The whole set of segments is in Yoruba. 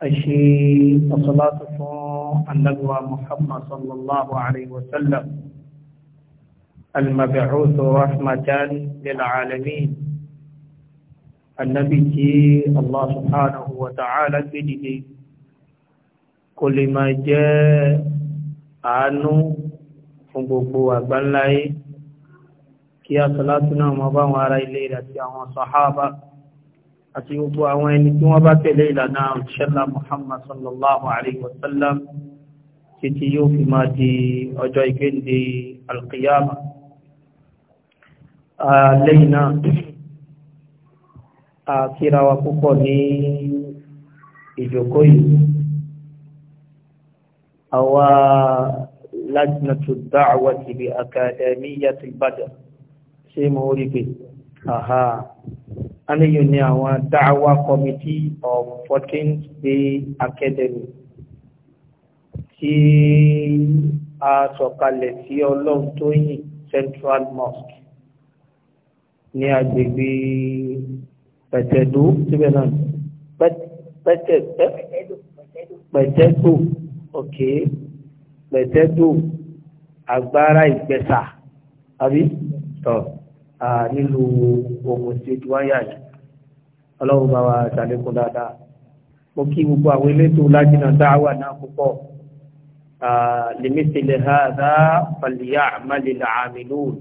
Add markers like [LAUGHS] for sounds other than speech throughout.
أشي الصلاة النبوة محمد صلى الله عليه وسلم المبعوث رحمة للعالمين النبي تي الله سبحانه وتعالى بدي كل ما جاء عنه fún gbogbo àgbáńláyé kí a sọ láti náà mọ́ àti gbogbo àwọn ẹni tí wọ́n bá tẹ̀lé ìlànà òṣìṣẹ́lá Muhammad sallallahu alayhi wa sallam títí yóò fi máa di ọjọ́ ìgbéǹde alqiyama lẹ́yìn náà àkíra wa púpọ̀ ní ìjókòó yìí àwa lajnatu da'wati bi akademiyatil Badr ṣé mo rí pé aha aléyìn ní àwọn dáwà committee of 14th day academy tí a sọ̀kalẹ̀ sí ọlọ́run tó yìn central mosque ní agbègbè pẹ̀tẹ̀dó síbẹ̀ náà pẹ̀tẹ̀dó ok pẹ̀tẹ̀dó agbára ìgbẹ̀sà àbí tọ́. So nílùú Ògùn state wáyà yìí ọlọ́run bá wa ṣàlékún dáadáa mo kí gbogbo àwọn elétò lájìnà dáwà náà púpọ̀ lèmísìlẹ̀ ha dá fàlìyà àmàlélà àmì lóòrùn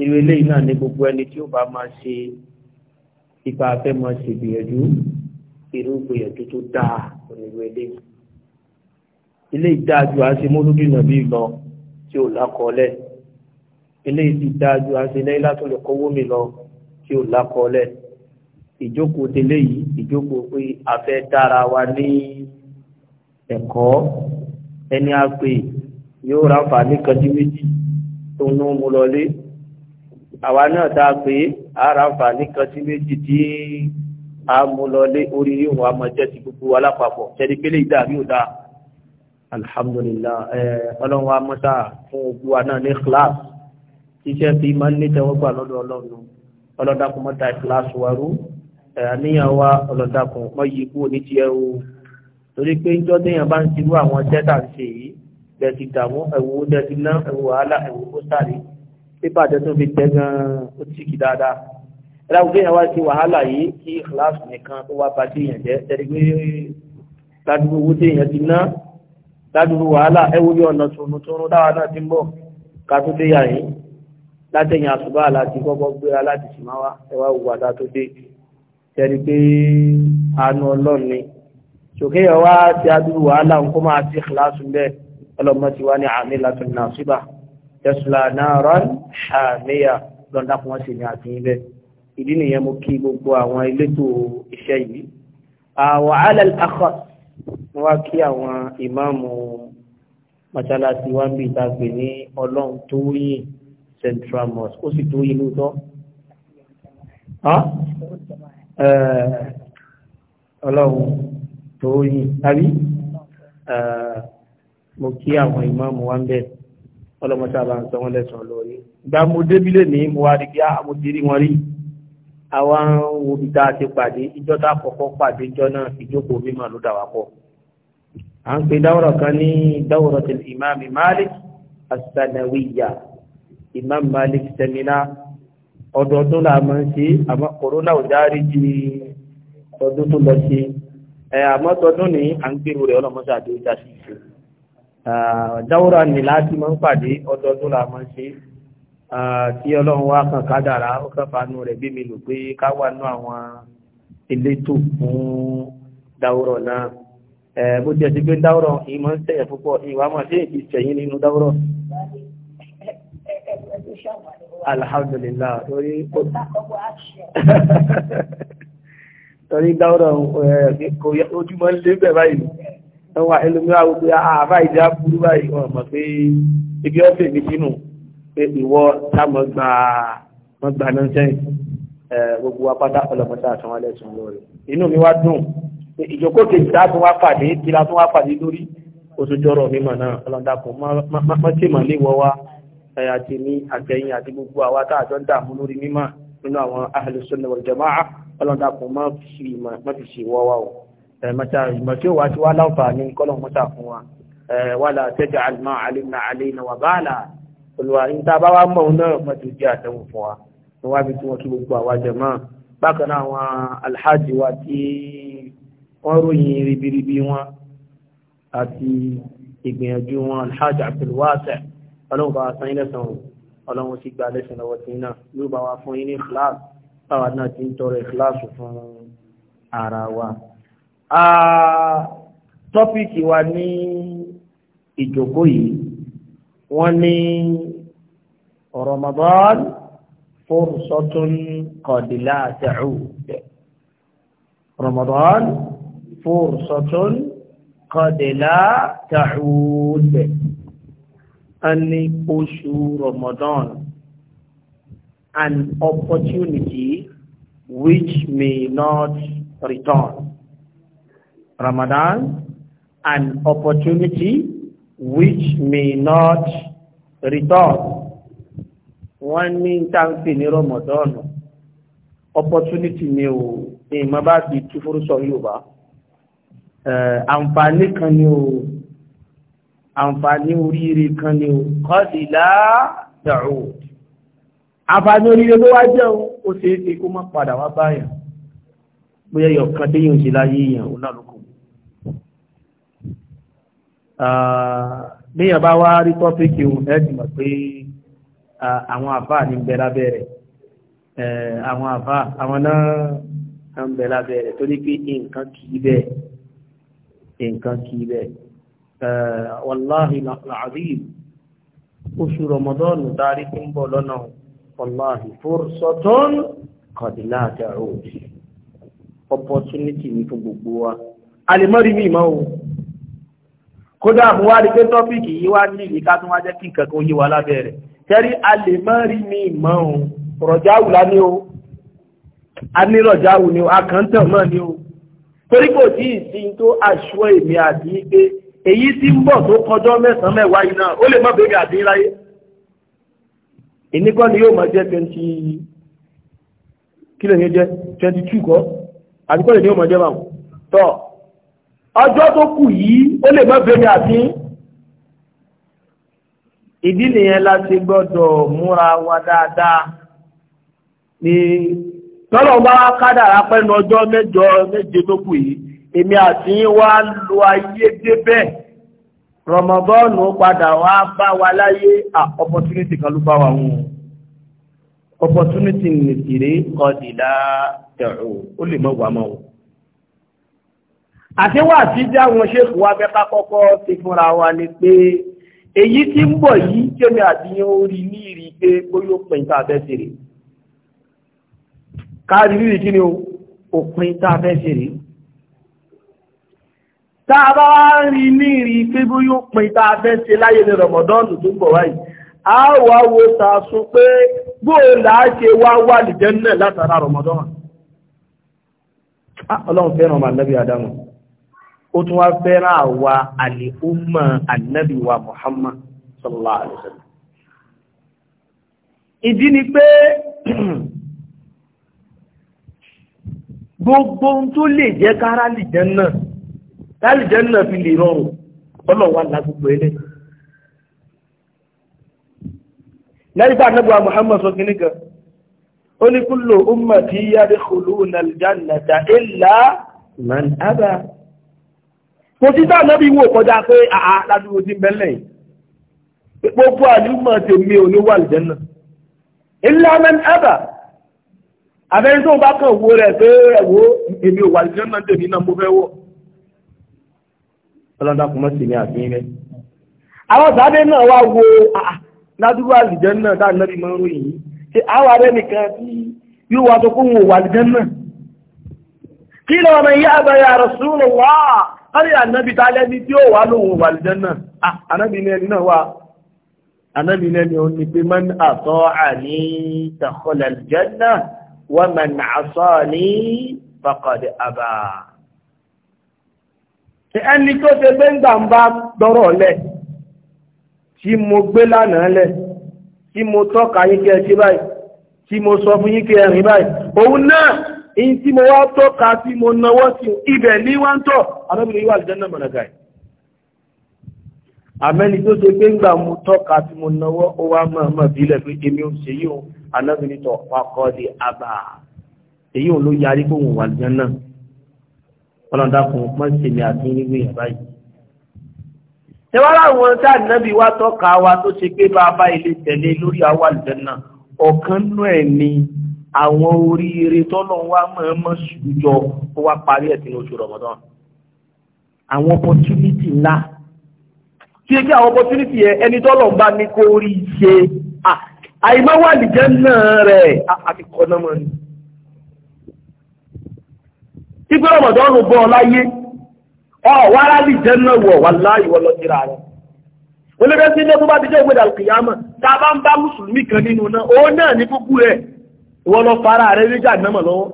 irú eléyìí náà ní gbogbo ẹni tí ó bá máa ṣe ipa afẹ́ máa ṣe gbìyànjú irú gbìyànjú tó dáa onírú eléyìí ilé ìdájú àti mọ́lúdì nàbí lọ tí ò lákọọ́lẹ̀ eléyìí ti dájú àti lẹ́yìn látò lè kówó mi lọ tí ò lákọọ́lẹ̀ ìjókòó délé yìí ìjókòó pé a fẹ́ dára wa ní ẹ̀kọ́ ẹni a pè yóò ra àǹfààní kan sí méjì tó ń mú lọlé àwa náà tá a pè á ra àǹfààní kan sí méjì tí a mú lọlé orí ìwọ̀n amọ̀jẹ́ ti gbogbo wa lápapọ̀ pélé ìdá mi ò dáa alhamdulillah ẹ ọlọ́run wa mọ́ta fún gbogbo wa náà ní kíláàsì iṣẹ́ fi máa ń nítẹ̀wọ́gbà lọ́dọ̀ ọlọ́run ọlọ́dàkùn mọ́ta ìfìlàṣù wa rú àníyàn wa ọlọ́dàkùn mọ́ yí kúrò ní tiẹ̀ o torí pé níjọ́ téèyàn bá ń tirú àwọn jẹ́tà ń ṣe yìí dẹ̀sí dààmú ẹ̀wù dẹ̀sí ná ẹ̀wù wàhálà ẹ̀wù pósítàrí pépà tẹ́ tó fi tẹ́ gan-an ó ti kì dáadáa ẹ̀rọ téèyàn wá sí wàhálà yìí kí ìfìlàṣù nìkan tó wá ba téèyàn jẹ́ tẹ́lẹ̀ látẹ̀yìn àsùbá láti kọ́kọ́ gbéra láti ṣìmáwá ẹwà òwúwàdá tó dé tẹ́rí pé àánú ọlọ́run ni ṣòkè ọwá ti adúrú wàhálà ń kó máa ti kìláàsù bẹ́ẹ̀ ọlọ́mọ ti wá ní àmì látún náà síbà tẹ́sùlà náà rán àmìyà lọ́ndà sì ní àti ibẹ̀ ìdí nìyẹn mo kí gbogbo àwọn elétò iṣẹ́ yìí àwàhálà àkọ́ ni wá kí àwọn ìmáàmù mọ́ṣáláṣí wá ń bí ìtàgbè ní ọlọ́run tó yìn central mosque ó sì tó yé lóòótọ́ ọlọ́run tó yìn tàbí mo kí àwọn ìmáàmù wa ń bẹ̀ ọlọ́mọṣẹ́ bá ń sọ wọ́n lẹ́sàn lórí ìgbà mo débílé ní mo wá rí bí mo ti rí wọn rí àwa ń tá a ti pàdé ìjọ tá a kọ́kọ́ pàdé ìjọ náà ìjókòó mímọ̀ ló dà wá pọ̀ à ń pe dáwọ̀rọ̀ kan ní dáwọ̀rọ̀ tẹ̀lé ìmáàmì Malik as Imam Malik sẹ́mínà ọdọọdún náà máa ń ṣe àmọ́ kòrónà ò dárí ju ọdún tó lọ sí ẹ àmọ́ tọdún ní à ń gbèrú rẹ̀ ọlọ́mọṣà àti ìjà sí ìṣe dáwúrà ní láti máa ń pàdé ọdọọdún náà máa ń ṣe tí bó jẹ́ sí pé dáwúrọ̀ ìmọ̀ ń tẹ̀yẹ̀ púpọ̀ ìwà máa ṣe ìṣẹ̀yìn nínú dáwúrọ̀ alhamdulillah torí [LAUGHS] torí dáwọ́dọ̀ ojúmọ́ lé bẹ̀ báyìí wọ́n wà ẹlòmíràn gbogbo ah, àbá ìdí àbúrú báyìí wọ́n mọ̀ pé ibi ọ̀fẹ́ mi sínú pé ìwọ sáàmọ́ gba wọ́n gba náà sẹ́yìn gbogbo apáta ọlọ́mọta àtàwọn ẹlẹ́sùn lórí inú mi wá dùn ìjókòó kejì tá a tún wá pàdé tí a tún wá pàdé lórí oṣù jọrọ mímọ̀ náà ọlọ́dàkùn má má má tèmọ̀ léwọ́ wá àti ní àtẹ̀yìn àti gbogbo àwa tá àjọ ń dààmú lórí mímọ̀ nínú àwọn ahlus sunnah wal jama'a ọlọ́dàpọ̀ má fi ìmọ̀ má fi ṣe wọ́ wa o mọ̀tà ìmọ̀ tí ó wá sí wá láǹfààní kọ́lọ̀ mọ́tà fún wa wala taj'al ma 'alimna 'alayna wa bala olùwà ní tá a bá wá mọ̀ ọ́n náà mọ̀tò jẹ́ àtẹ̀wò fún wa ni wọ́n á fi ìgbìyànjú wọn alhaji Abdulwasi' ọlọ́run bá wa san yín lẹ́san o ọlọ́run sì gba lẹ́san lọ́wọ́ tí náà yóò bá wa fún yín ní class táwa náà ti ń tọrọ kíláàsì fún ara wa. tọ́pìkì wa ní ìjòkó yìí wọ́n ní Ramadan fursatun qad la ta'ud Ramadan fursatun qad la ta'ud a ní oṣù Ramadan an opportunity which may not return Ramadan an opportunity which may not return wọ́n ní táǹkì ní Ramadan opportunity ni o ìmọ̀ bá fi tú fúrúsọ Yorùbá àǹfààní kan ni o àǹfààní oríire kan ni o kọ́dìlá dàrú àǹfààní oríire ló wá jẹ́ o ó ṣe é ṣe kó má padà wá báyàn bóyá yọ kan tí yóò ṣe láyé èèyàn ó náà lókun bí wá rí tọ́pìkì òun ẹ̀ mọ̀ pé àwọn àfáà ní bẹ lábẹ́ àwọn àfáà àwọn náà ń bẹ lábẹ́ torí pé nǹkan kì í bẹ́ẹ̀ nǹkan kì í bẹ́ẹ̀ والله eh, العظيم، oṣù رمضان داركم tí والله فرصة lọ́nà wàláhì fórsọ́tọ́n kọ̀dílá àtẹ̀rọ opportunity ní fún gbogbo wa a lè mọ́rí mi mọ́ o kódà mo wá rí pé tọ́pìkì yìí wá ní ìyíká tó wá jẹ́ kí nǹkan kan yé wa lábẹ́ rẹ̀ tẹ́rí a lè mọ́rí mi mọ́ o rọ̀jáwù lá o a ní rọ̀jáwù ní o a kàn tàn mọ́ ní o torí kò tí ì sí tó aṣọ èmi àti pé èyí tí ń bọ̀ tó kọjọ́ mẹ́sàn-án mẹ́wàá yìí náà ó lè má bèèrè àdín láyé ìníkọ́ ni yóò máa jẹ́ twenty kí lè ní jẹ́ twenty two kọ́ àbíkọ́ lè ní yóò máa jẹ́ báwọn tọ́ ọjọ́ tó kù yìí ó lè má bèèrè àdín ìdí nìyẹn la ti gbọ́dọ̀ múra wa dáadáa ní tọ́lọ̀ bá kádàrá pẹ́nu ọjọ́ mẹ́jọ méje tó kù yìí èmi àti yín wá lo ayé débẹ̀ rọmọbọ́ọ̀nù padà wá bá wa láyé à opportunity kan ló bá wa wọn opportunity nìtìrí kọdìlá tẹ̀rù ó lè mọ̀ mọ́ o àtiwà tí jáwọn ṣéèkù wa fẹ́ kọ́kọ́ ti fúnra wa ni pé èyí tí ń bọ̀ yìí kémi àti yín ó rí ní ìrí pé bóyá pẹ̀ tá a fẹ́ ṣe rè káàdì rírì kí ni òpin tá a fẹ́ ṣe ta a bá rí ní ìrí pé bó yóò fẹ́ ṣe láyé ní rọmọdọ́nù tó bọ̀ wáyìí a wà wo tààsùn pé bóòlà á wá wà lìjẹ́ náà látara rọmọdọ́nù ah, tún wa muhammad ni pé [CLEARS THROAT] gbogbo láì jẹ́ náà fi lè rọrùn ọlọ́ wa là gbogbo ẹlẹ́ lẹ́yìn bá anábọ̀ Muhammad sọ kìíní kan ó ní kullu ummati yadkhuluna al-jannata illa man aba kò sí tá ànábì wò kọjá pé àá ládùúgbò ti bẹ́lẹ̀ yìí gbogbo àlùmọ̀ tèmi ò ní wà lìjẹ́nà illa man aba àfẹ́yìn tó bá kàn wó rẹ̀ pé ẹ̀wọ́ èmi ò wà lìjẹ́nà tèmi náà mo fẹ́ wọ̀ ọlọ́dàkùn mọ́ sí ní àfihàn rẹ̀. àwọn sàábé náà wá wo ládùúgbò àlùjẹ́ náà dáa náà bí mọ́ ròyìn yìí ṣe àwọn arẹ́ nìkan tí yóò wá tó kún wà àlùjẹ́ náà. kí lọ ọmọ ìyá àbẹ̀yà rọ̀sùnù wá kárí ànábì tá lẹ́ni tí ó wà lóhun wà àlùjẹ́ náà ànábì ní náà wà ànábì ní ẹni òní pé mọ́n àtọ́ àní tàkọ́lẹ̀ àlùjẹ́ náà wọ́n mọ̀ ẹni tó ṣe pé ń gbà ń bá dọ́rọ̀ lẹ̀ tí mo gbé lánàá lẹ̀ tí mo tọ́ka yín kí ẹ ṣe báyìí tí mo sọ fún yín kí ẹ rìn báyìí òun náà èyí tí mo wá tọ́ka tí mo nawọ́ sí ibẹ̀ ní wá ń tọ̀ alábìnrin wà lẹ́jọ́ náà mọ̀nàgà yìí àmẹ́ni tó ṣe pé ń gbà mo tọ́ka tí mo nawọ́ ó wá mọ̀ mọ̀ bílẹ̀ pé èmi ò ṣe yìí o alábìnrin tọ̀ wakọ́ di àbà èyí ò ló yarí kóhùn wà lẹ́jọ́ náà ọlọ́dàkùn mọ́sẹ̀mí àti onígbìyàn báyìí. tẹwàá àwọn tí ànábì wá tọ́ka wa tó ṣe pé bá bá ilé tẹ̀lé lórí àwọn àlùjẹ́nà ọ̀kan nú ẹ̀ ni àwọn oríire tọ́lọ̀ wa máa mọ́ ṣùjọ ó wá parí ẹ̀ sínú oṣù Ramadan àwọn opportunity ńlá tí ẹgbẹ́ àwọn opportunity yẹn ẹni tọ́lọ̀ bá ní kó rí ṣe àìmọ́wà àlùjẹ́nà rẹ̀ àti kọ́nọ́mọ́ ipe rọmọdọ́nù bọ́ ọ láyé ọ wàrà lè jẹ́ náà wọ̀ wà láàyè wọ́n lọ jìrà rẹ̀ olóògbé sí ilé tó bá ti jẹ́ ògbédà kìyàmà tá a bá ń bá mùsùlùmí kan nínú náà ó náà ní kúkú rẹ̀ wọ́n lọ fara rẹ̀ lé jàǹdàmọ̀ lọ́wọ́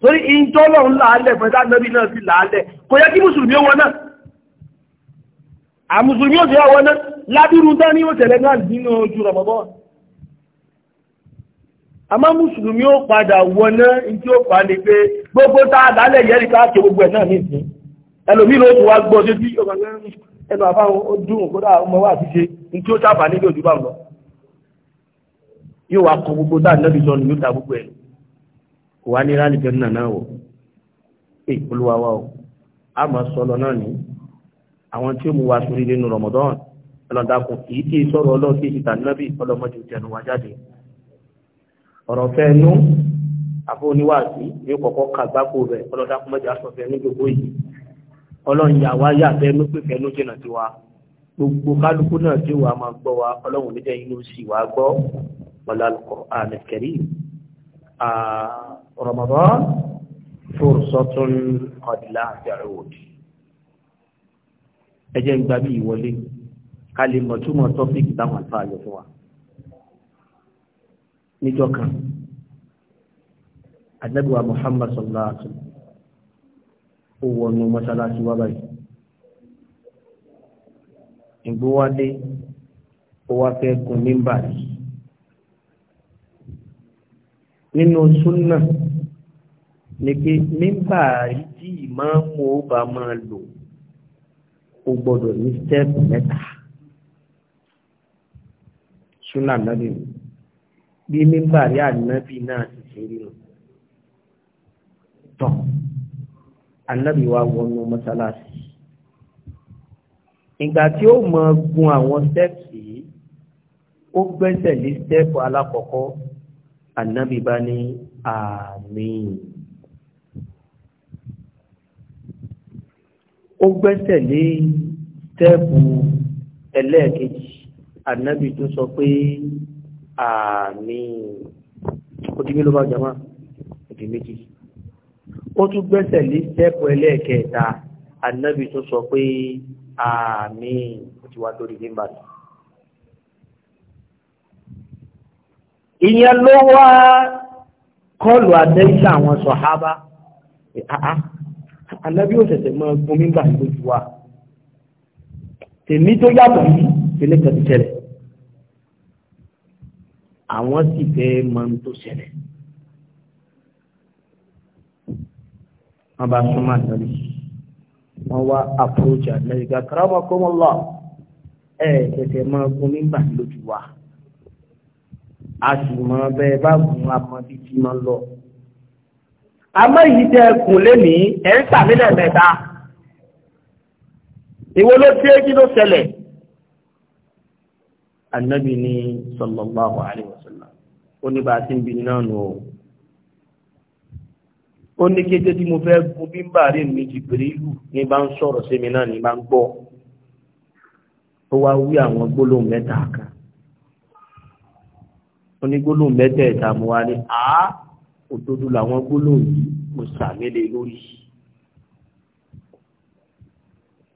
torí ìjọlọ̀ ń làálẹ̀ fẹ́ dánábì náà sí làálẹ̀ kò yẹ kí mùsùlùmí wọn náà àmùsùlùmí ò sí ọwọ́ náà lábírú tán ó tẹ̀lé náà nínú ojú rọ̀mọ́bọ́ọ̀ àmọ́ mùsùlùmí ó padà wọná tí ó fà ní pé gbogbo tá a dálẹ̀ yẹ́rì káàkiri gbogbo ẹ̀ náà ní ìsìn ẹlòmí ló ti wá gbọ́ sí bí ẹnu àfáwọn ó dùn kódà ọmọ wa àti ṣe ní tí ó sábà nílò ojú bá wọn yóò wá kọ gbogbo tá a nẹ́bi sọ ní yóò ta gbogbo ẹ̀ kò wá ní rálì jẹ́nu náà pé olúwa o a máa sọ lọ náà ní àwọn tí ó mú wa sórí nínú Ramadan ẹlọ́dàkùn kì í ọ̀rọ̀ fẹ́nu àbó oníwàásí yóò kọ́kọ́ kà gbáko rẹ̀ ọlọ́dà kó mẹ́jọ aṣọ fẹ́nu gbogbo yìí ọlọ́run yà wá yà fẹ́nu pé fẹ́nu jìnnà sí wa gbogbo kálukú náà tí wàá máa gbọ́ wa ọlọ́run níjẹ́ inú sì wá gbọ́ ọ̀làlùkọ́ àmẹ́kẹ́rì Ramadan fursatun qad la ta'ud ẹjẹ́ ń gbà bí ìwọlé ká lè mọ̀ táwọn àlùfáà fún wa níjọ́ kan àdẹ́gbẹ̀wà Muhammad sallallahu alaihi wasallam ó wọnú mọ́ṣáláṣí wá báyìí ìgbówádé ó wá fẹ́ gun mímbà yìí nínú súnà ni pé mímbà yìí tí ìmáàmù ó bá máa lò ó gbọ́dọ̀ ní stẹ́ẹ̀pù mẹ́ta súnà náà nìyí bí mímbàrí ànábì náà ti ṣe rí lọ. tọ́ ànábì wa wọnú mọ́sálásí ìgbà tí ó mọ gun àwọn stẹ́ẹ̀pì yìí ó gbẹ́sẹ̀ lé stẹ́ẹ̀pù alákọ̀ọ́kọ́ ànábì bá ní àmín. ó gbẹ́sẹ̀ lé stẹ́ẹ̀pù ẹlẹ́ẹ̀kejì ànábì tó sọ pé àmín ó di mélòó bá jama ó di méjì ó tún gbẹ́sẹ̀ lé sẹ́pù ẹlẹ́ẹ̀kẹta ànábì tó sọ pé àmín ó ti wá lórí nígbà tó. ìyẹn ló wá kọlù àtẹ́sí àwọn sọ̀hábà ànábì ò ṣẹ̀ṣẹ̀ mọ́ gbomi gbà lójú wa tèmi tó yàtọ̀ yìí tẹ́lẹ̀ kan ti tẹ̀lẹ̀ àwọn sì fẹ́ máa ń tó ṣẹlẹ̀. wọ́n bá súnmọ́ àtàrí wọ́n wá approach àmẹ́ríkà karamakumullah ẹ̀ tẹ̀tẹ̀ máa gun nígbà lójú wa a sì mọ bẹ́ẹ̀ bá gun amọ̀ títí máa ń lọ. àmọ́ yìí tẹ kùn lẹ́nìí ẹ̀ ń sàmílẹ̀ mẹ́ta ìwọ ló tí éjì ló ṣẹlẹ̀. Annabi ni sallallahu alaihi wasallam ó ní bá a ti ń bi náà nù o ó ní kété tí mo fẹ́ gun bí bàárì mi jìbìrì ìlú ní bá ń sọ̀rọ̀ sí mi náà ní bá ń gbọ́ ó wá wí àwọn gbólóhùn mẹ́ta kan ó ní gbólóhùn mẹ́tẹ̀ẹ̀ta mo wá ní a òdodo làwọn gbólóhùn yìí mo sàmélé lórí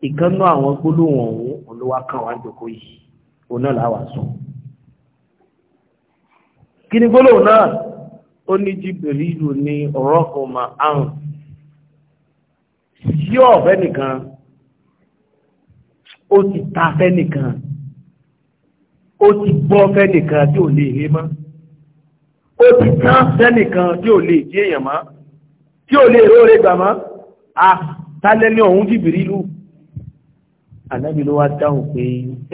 ìkànnú àwọn gbólóhùn ọ̀hún olówó kan wá jòkó yìí òun náà làwọn sọ kí ni gbólóhùn náà ó ní Jibrilu ní ọ̀rọ̀ kan mà áhùn sí ọ̀fẹ́ nìkan ó ti ta fẹ́ nìkan ó ti bọ́ fẹ́ nìkan tí ò lè lé mọ́ ó ti tán fẹ́ nìkan tí ò lè jí èèyàn mọ́ tí ò lè róore gbà mọ́ a tálẹ́ ní ọ̀hún Jibrilu Ànábì ló wá dáhùn pé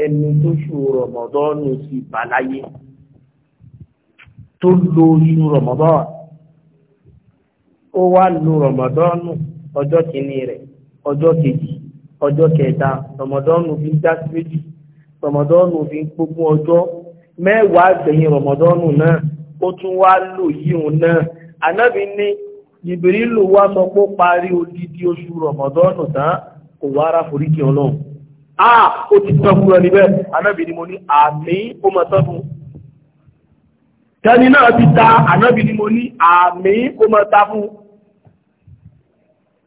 ẹni tó ṣù Rọ̀mọ̀dọ́nù sí bàláyé tó lo oṣù Ramadan ó wá lo Ramadan ọjọ́ kìíní rẹ̀ ọjọ́ kejì ọjọ́ kẹta Ramadan fi ń já sí méjì Ramadan fi ń gbógun ọjọ́ mẹ́wàá gbẹ̀yìn Ramadan náà ó tún wá lò yíò náà anábì ní ìbìrìlù wá sọ pé parí odidi oṣù Ramadan tán kò wá ara foríkì ọlọ́run ah ó ti tán fún ẹni bẹ́ẹ̀ anábì ni mo ní àmì ó mọ̀ tán fún un tẹni náà ti ta ànábì ni mo ní àmì kó mọ ta fún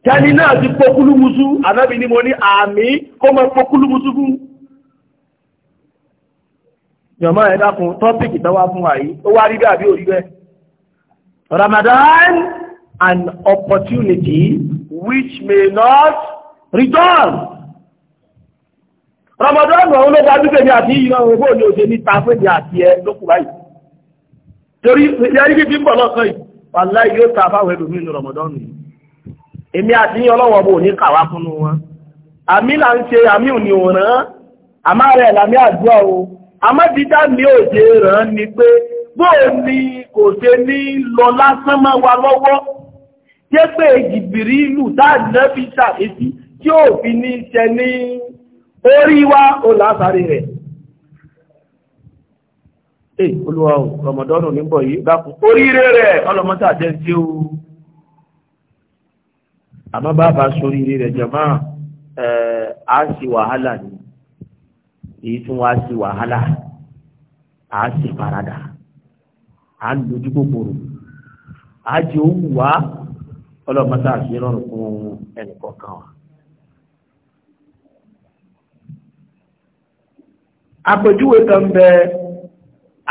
tẹni náà ti pokúlùmùsù ànábì ni mo ní àmì kó mọ pokúlùmùsù fún yọ̀mọ́ ẹ dákun tọ́pìkì tọ́wá fún wa ó wá rí bí àbí òrí Ramadan an opportunity which may not return Ramadan ọ̀hún ló bá dúkẹ́ ní àti ìyíra òun ní òṣèlú ta ní àti ẹ lókùnrin torí yẹrí kí fi ń bọ̀ lọ́sàn yìí wàlá yóò ta fáwọn ẹlòmíì ní rọmọdọ́nù yìí èmi àti yín ọlọ́wọ́ bò ní kàwá fúnnu wọn àmì là ń ṣe àmì ò òràn àmà rẹ̀ làmì àdúrà o àmọ́ dídá mi ò ṣe ràn ni pé bóò ni kò ṣe ní lọ lásán mọ́ wa lọ́wọ́ jẹ́ pé jìbìrí ìlú táàdínà fi ṣàfihàn tí ó fi ní ṣẹ ní orí wa ó lásàrí rẹ̀ Ẹ olúwa o, Rọ̀mọ̀dọ́nù níbọ̀ yìí dákun. Oríire rẹ̀ ọlọ́mọ́tà jẹ́ sí o. Àmọ́ bàbá soríire rẹ̀ jẹ̀mọ́ sì wàhálà ni. Èyí tún wá sí wàhálà. Á sì parada Á ń dojú kòkòrò. Á jẹ́ òwú wá ọlọ́mọ́tà sí rọrùn fún ẹnìkọ̀ọ̀kan wa.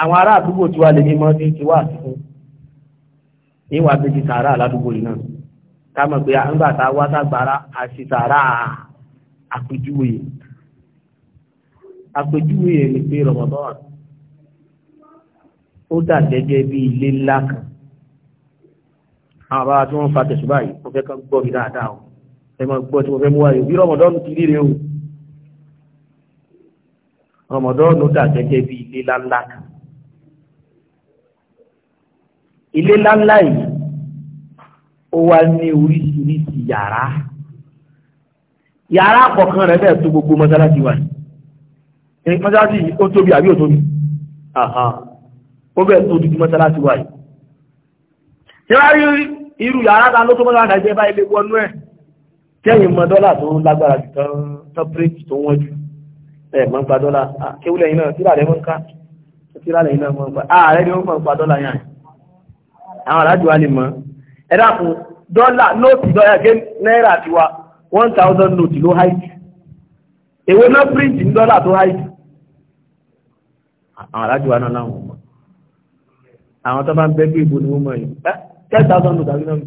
àwọn ará àdúgbò tí wà lè mímọ́ ní ti wà sí fún níwà méjì sàárà aládùúgbò yìí náà ká mọ̀ pé àǹgbà wá sàgbára àti sàárà àpèjúwe àpèjúwe ni pé rọ̀mọ̀bọ́n ó dà gẹ́gẹ́ bí ilé ńlá kan àwọn bàbá tí wọ́n fa tẹ̀sùbá yìí wọ́n fẹ́ kán gbọ́ mi dáadáa o ẹ máa gbọ́ tí wọ́n fẹ́ mú wáyé bí rọ̀mọ̀dọ́nù ti ríre o rọ̀mọ̀dọ́nù dà gẹ́gẹ́ bí ilé ńlá kan ilé ńláńlá yìí ó wá ní oríṣiríṣi yàrá yàrá kọ̀ọ̀kan rẹ̀ bẹ́ẹ̀ tó gbogbo mọ́sálásí wa yìí mọ́sálásí yìí ó tóbi àbí ó tóbi ó bẹ́ẹ̀ tó dúdú mọ́sálásí wa yìí ṣé wá rí irú yàrá ta ló tó mọ́sálásí àjẹ́ bá ilé wọnú ẹ̀ kẹ́yìn mọ dọ́là tó lágbára jù tán tọ́pírẹ́tì tó wọ́n jù ẹ̀ mọ́ gba dọ́là kéwúlẹ̀ yìí náà tíra rẹ̀ mọ́ ń ká tíra rẹ̀ yìí náà mọ́ ń gba ààrẹ ni ó mọ́ gba dọ́là yẹn àwọn aláàjì wa lè mọ̀ ẹ dákun dọ́là nóòtì dọ́là gé náírà tiwa one thousand nóòtì ló háìtì èwo náà píríǹtì ní dọ́là tó háìtì àwọn aláàjì wa náà láwọn mọ̀ àwọn tó bá ń bẹ́ bí ìbò ni wọ́n mọ̀ yìí ten thousand nóòtì àbí náà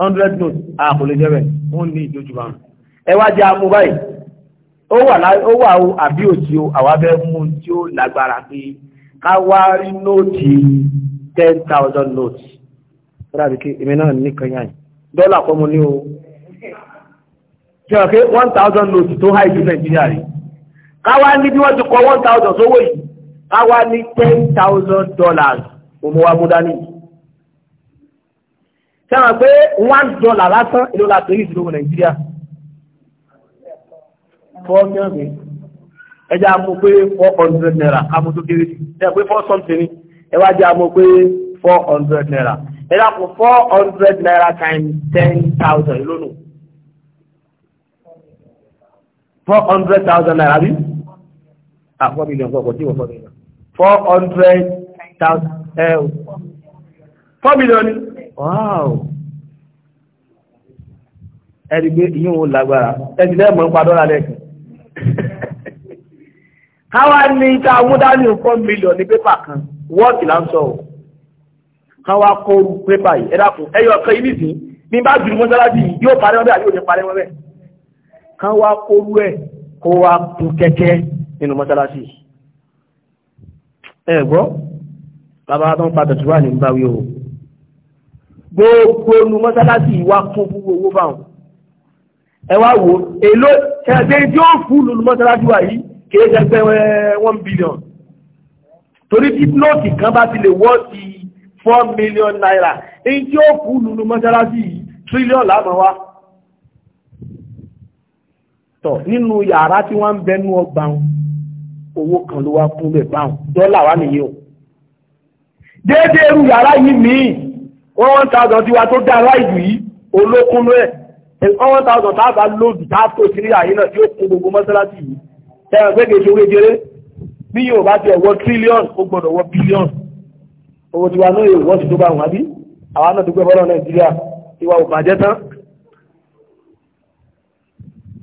hundred note àkùlé jẹ́ bẹ́ẹ̀ wọ́n ní ìdójúbà ẹ wá jẹ́ amú báyìí ó wà ó wà ó àbí òtí o àwa fẹ́ mú tí ó lágbára pé ká wá rí nóòtì ten thousand notes rárá kí èmi náà nìkan yàn dọ́là kọ́ mo ní o ṣe hàn pé one thousand notes tó háì ju nàìjíríà rí káwá ní bí wọ́n ti kọ one thousand sówó yìí káwá ní ten thousand dollars òmò wa mú dání ṣe pé one dollar lásán èlò làtọ́ yìí ìdúró nàìjíríà four million ẹja mú pé four hundred naira amúdókèrè ẹ pé four something ẹ wá jẹ́ àmọ́ pé four hundred naira ẹ dàpọ̀ four hundred naira times ten thousand lónìí four hundred thousand naira bí ah four million kọ̀ọ̀kan tí wọ́n four million four hundred thousand ẹ four million ni wow ẹni pé ìyóò wò lágbára ẹni lẹ́ẹ̀mọ́ ń pa dọ́là lẹ́ẹ̀kan [LAUGHS] káwá ní ìta amúdání four million ní pépà kan wọ́ọ̀kì là ń sọ ọ́ kan wá kó pépà yìí ẹ dákun ẹyọ ọkọ yìí nìsín ní bá jùlọ mọ́sálásí yìí yóò parẹ́ wọn bẹ́ẹ̀ àbí òde parẹ́ wọn bẹ́ẹ̀ kan wá kó rú ẹ̀ kó wá kú kẹ́kẹ́ nínú mọ́sálásí ẹ gbọ́ bàbá tó ń pa tẹ̀tùbá ní báwí o gbogbo nu mọ́sálásí wá kún fún owó báwọn ẹ wá wò èló ẹgbẹ́ tí ó fún lu mọ́sálásí wà yìí kì í ṣẹgbẹ́ eh, one billion torí tí nóòtì kan bá ti lè wọ́ sí four million naira èyí tí ó kú nínú mọ́ṣáláṣí yìí tírílíọ̀n láàmọ́ wá tọ̀ nínú yàrá tí wọ́n ń bẹnu ọgbà owó kan ló wá kún bẹ̀ báwọn dọ́là wà nìyí o déédéé irú yàrá yìí míì one thousand tiwa tó dá aláìlú yìí olókun ló ẹ̀ one thousand tá a bá lóòdù tá a tó sí ní àyè náà tí ó kún gbogbo mọ́ṣáláṣí yìí ẹ̀rọ bí yóò bá ti ẹ̀wọ́ tírílíọ̀n ó gbọ́dọ̀ wọ bílíọ̀n owó tiwa náà yóò wọ́n ti tó bá wọn àbí àwa náà dúpẹ́ fọ́lọ́ nàìjíríà ìwà ò bàjẹ́ tán.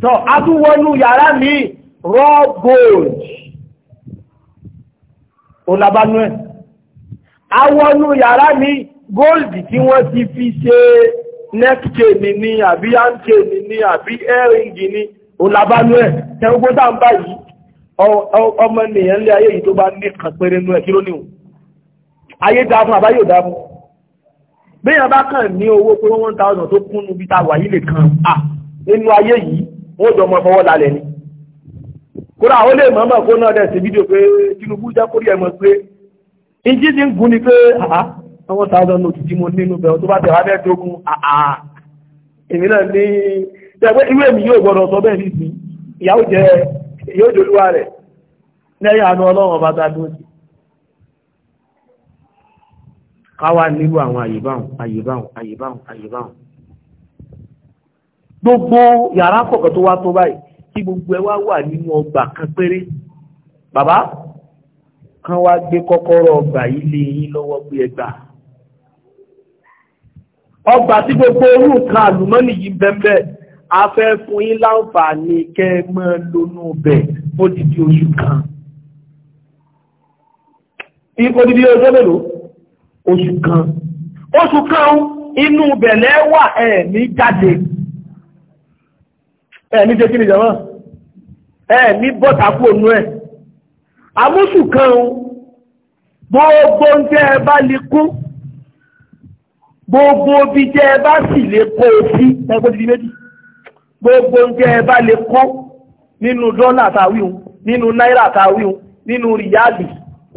tọ́ a tún wọnú yàrá mi raw gold ó labanú ẹ̀ a wọnú yàrá mi gold tí wọ́n ti fi ṣe neck chain ni àbí hand chain ni àbí earring ni ó labanú ẹ̀ tẹ́gbọ́n tá ń báyìí ọmọ ènìyàn lé ayé yìí tó bá ní kan péré nú ẹ̀ kí ló níhùn ayé dáa àbáyé ò dáa bá kàn ní owó pé one tó kúnnú bí ta yìí lè kan à nínú ayé yìí wọ́n jọ mọ fọwọ́ lálẹ́ ni kódà ó lè mọ̀ mọ̀ kó náà dẹ̀ sí fídíò pé Tinubu jẹ́ kórìí ẹ̀ mọ̀ pé ìjì ti ń gún ni pé àá one thousand note tí mo nínú bẹ̀rù tó bá tẹ̀ wá bẹ́ẹ̀ dógún àá èmi náà ní ìwé mi yóò gbọ́dọ̀ sọ bẹ́ẹ̀ nísìnyí ìyàwó jẹ́ yóò dolúwa rẹ̀ lẹ́yìn àánú ọlọ́run ọba tá a dúró káwà àwọn àyèbáhùn àyèbáhùn àyèbáhùn gbogbo yàrá kọ̀ọ̀kan tó wá tó báyìí tí gbogbo ẹ wà nínú ọgbà kan péré bàbá kan wá gbé kọ́kọ́rọ́ ọgbà yìí lé yín lọ́wọ́ pé ẹgbà ọgbà tí gbogbo orú nǹkan àlùmọ́nì a fẹ́ fún yín láǹfààní kẹ́ mọ́ lónú bẹ̀ fódìdí oṣù kan ìfòdìdí oṣù mélòó oṣù kan oṣù kan inú bẹ̀lẹ́ wà ẹ̀ẹ̀mí jáde ẹ̀ẹ̀mí jẹ́ kí ni jẹ́wọ́n ẹ̀ẹ̀mí bọ́tàkù ònú ẹ̀ amóṣù kan gbogbo ń tẹ́ ẹ bá lè kú gbogbo bí tẹ́ bá sì lè kó sí ẹgbẹ́ di gbogbo ń jẹ́ ẹ bá lè kó nínú dọ́là tàwíhun nínú náírà tàwíhun nínú rìyálì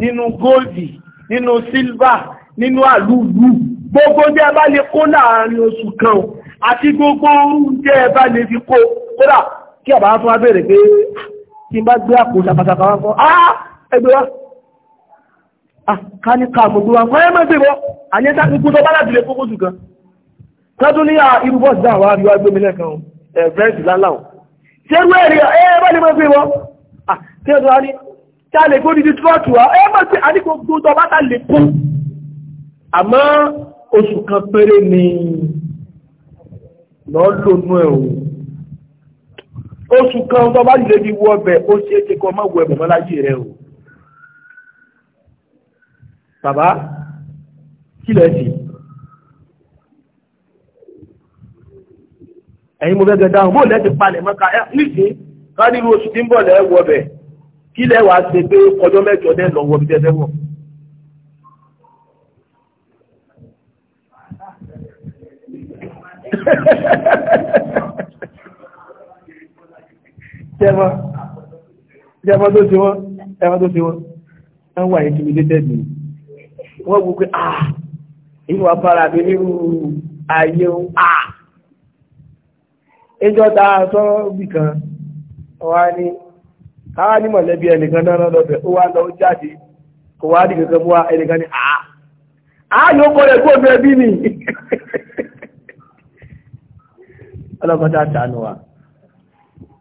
nínú góòlì nínú sílvà nínú àlúùlù gbogbo ń jẹ́ ẹ bá lè kó láàrin oṣù kan o àti gbogbo ń jẹ́ ẹ lè fi kó kódà kí àbá fún wa bèèrè pé ah, kí n bá gbé àpò ṣàpàṣàpà wá fún ah ẹgbẹ́ wa ah, ká ní ká gbogbo wa fún ẹ mọ́ ìgbébọ́ àyẹ́ta ikú tó bá láti lè kókó jù tọ́dún ní ah, irú bọ́ọ̀sì dáhùn wá rí wá gbé mi lẹ́ẹ̀kan o ẹ̀fẹ́sì láláwọ̀ ṣerú ẹ̀rí ẹ̀ẹ́bá ní mọ́ sí wọ́n tí ó tó wá ní tí a lè kó dídí trọ́ọ̀tù wa ẹ̀ẹ́bá tí a ní kó tó tọ́ bá ta lè kún àmọ́ oṣù kan péré ni lọ́lọ́nú o oṣù kan tó bá lè ní wọ́ ọbẹ̀ ó ṣe é ṣe kọ́ mọ́ wọ ẹ̀yin mo gẹ́gẹ́ dáhùn bóòlù ẹ̀ palẹ̀ mọ́ka ẹ̀ nísìn oṣù tí ń bọ̀ lẹ́ wọ kí lẹ́ wàá ṣe pé ọjọ́ mẹ́jọ dẹ́ lọ bí tẹ́tẹ́ wọ̀. jẹ́mọ́ tó ti wọ́n jẹ́mọ́ tó ti wọ́n wọ́n wà intimidated ni wọ́n wù pé ah inú afárá mi nírú ayé ah ẹjọ́ ta sọ bì kan wá ní káwá ní mọ̀lẹ́bí ẹnìkan náà lọ́bẹ̀ ó wá lọ jáde kò wá di kankan mú wa ẹnìkan ní àá àá ló gbọ́dọ̀ kó bẹ bí ni [LAUGHS] ọlọ́kọ̀tà tànù wa.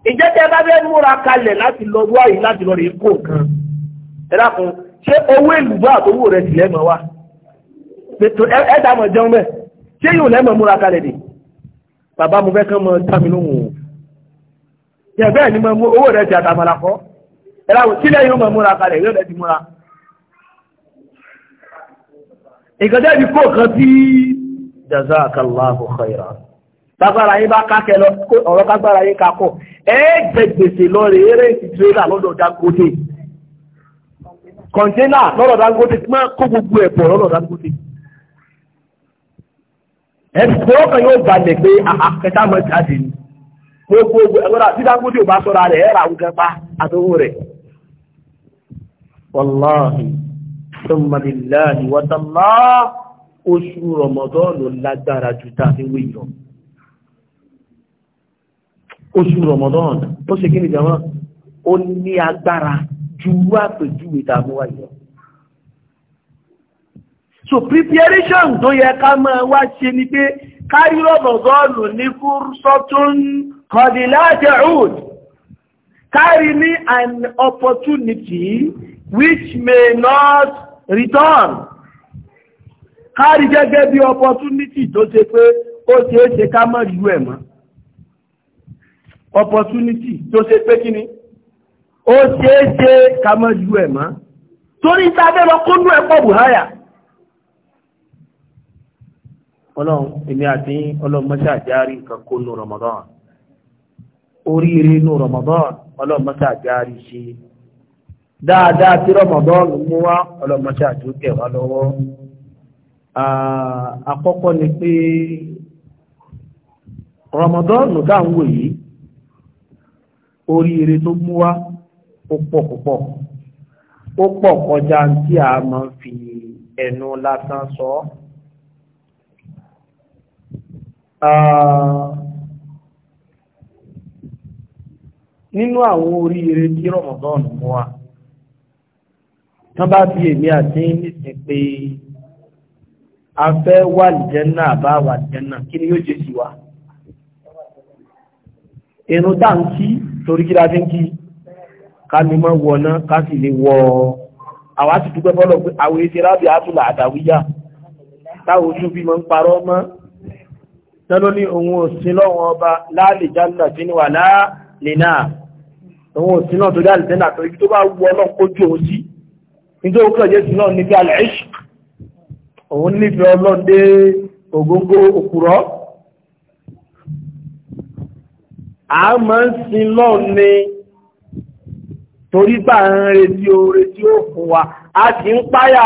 ìjẹ́ tẹ́ bá fẹ́ múra kalẹ̀ láti lọ wáyé láti lọ rí kó kan ẹ dákun ṣé owó èlùbọ́ àtọwọ́ rẹ̀ sì lẹ́mọ̀ wá ẹ̀dá mọ̀ jẹun bẹ́ẹ̀ ṣé yóò lẹ́mọ̀ múra kalẹ̀ dè bàbá mo fẹ́ kán mọ tàmí lóhùn o yẹ bẹ́ẹ̀ ni mo mú owó rẹ̀ ti àtàmàlà kọ́ ẹ láwọn sílẹ̀ yóò mọ̀ múra kalẹ̀ yóò rẹ̀ ti múra. ìkọjá ibi kó kan sí jazakallahu khairan bàbára yín bá kákẹ́ lọ ọ̀rọ̀ kágbára yín kakọ̀ ẹ jẹ gbèsè lọ rè eré ti tirẹ́là lọ́dọ̀ Dangote kọ̀ńténà lọ́dọ̀ Dangote máa kó gbogbo ẹ̀ pọ̀ lọ́dọ̀ Dangote ẹni tí wọ́n kàn yóò balẹ̀ pé àkẹta mọ̀ jáde ni gbogbo ẹgbẹ́ra tí dákúndì ò bá sọ́ra rẹ̀ ẹ̀rà àwùjọ pa àtọwọ́ rẹ̀. wàláhì sọmọlélàhì wàtàlá oṣù rọmọdọ́ọ̀nù lágbára ju tá a fi wé yọ. oṣù so preparation tó yẹ ká máa wá ṣe ni pé káyírọ̀ bọ̀gọ́ọ̀lù ní fúrúsọ́tún kọ̀dìláàjẹ̀hùd kárí ní an opportunity which may not return kárí gẹ́gẹ́ bí opportunity tó ṣe pé ó ṣe é ṣe ká mọ́ ìlú ẹ̀ mọ́ opportunity tó ṣe pé kí ni ó ṣe é ṣe ká mọ́ ìlú ẹ̀ mọ́ torí ìtàgẹ́lọ kó nú ẹ̀pọ̀ buhaya ọlọ́run èmi àti ọlọ́mọṣẹ́ àjárí nǹkan kó nù Ramadan oríire nù Ramadan ọlọ́mọṣẹ́ àjárí ṣe dáadáa tí Ramadan mú wá ọlọ́mọṣẹ́ àjò tẹ̀ wá lọ́wọ́ àkọ́kọ́ ni pé Ramadan dáhùn yìí oríire tó mú wá ó pọ̀ púpọ̀ ó pọ̀ kọjá tí a máa fi ẹnu lásán sọ ọ́. Ah, nínú àwọn oríire tí Ramadan mú wa tán bá bí èmi àti nísìn pé a fẹ́ wà lìjẹ́nà àbá wà lìjẹ́nà kí ni yóò jẹ́ sí wa ẹnu dá ń kí torí kí láti ń kí ká ní mọ́ wọná ká sì lè wọ àwa sì dúpẹ́ fọ́lọ́ pé àwọn èsì rábì àtúlà àdàwíyà táwọn ojú bí mọ́ ń parọ́ mọ́ tẹ́lú ní ohun òsìn lọ́wọ́ ọba láàlìjánà tí ní wà láàlìná ohun òsìn náà tó dá àlìjánà tó ibi tó bá wù ọlọ́run kójú òun sí nítorí ó kọ̀jẹ́ sí náà níbi àlẹ́ṣì òun nífẹ̀ẹ́ ọlọ́run dé ògógó òkúrọ́ a máa ń sin lọ́run ni torí ń retí oore tí ó fún wa a sì ń páyà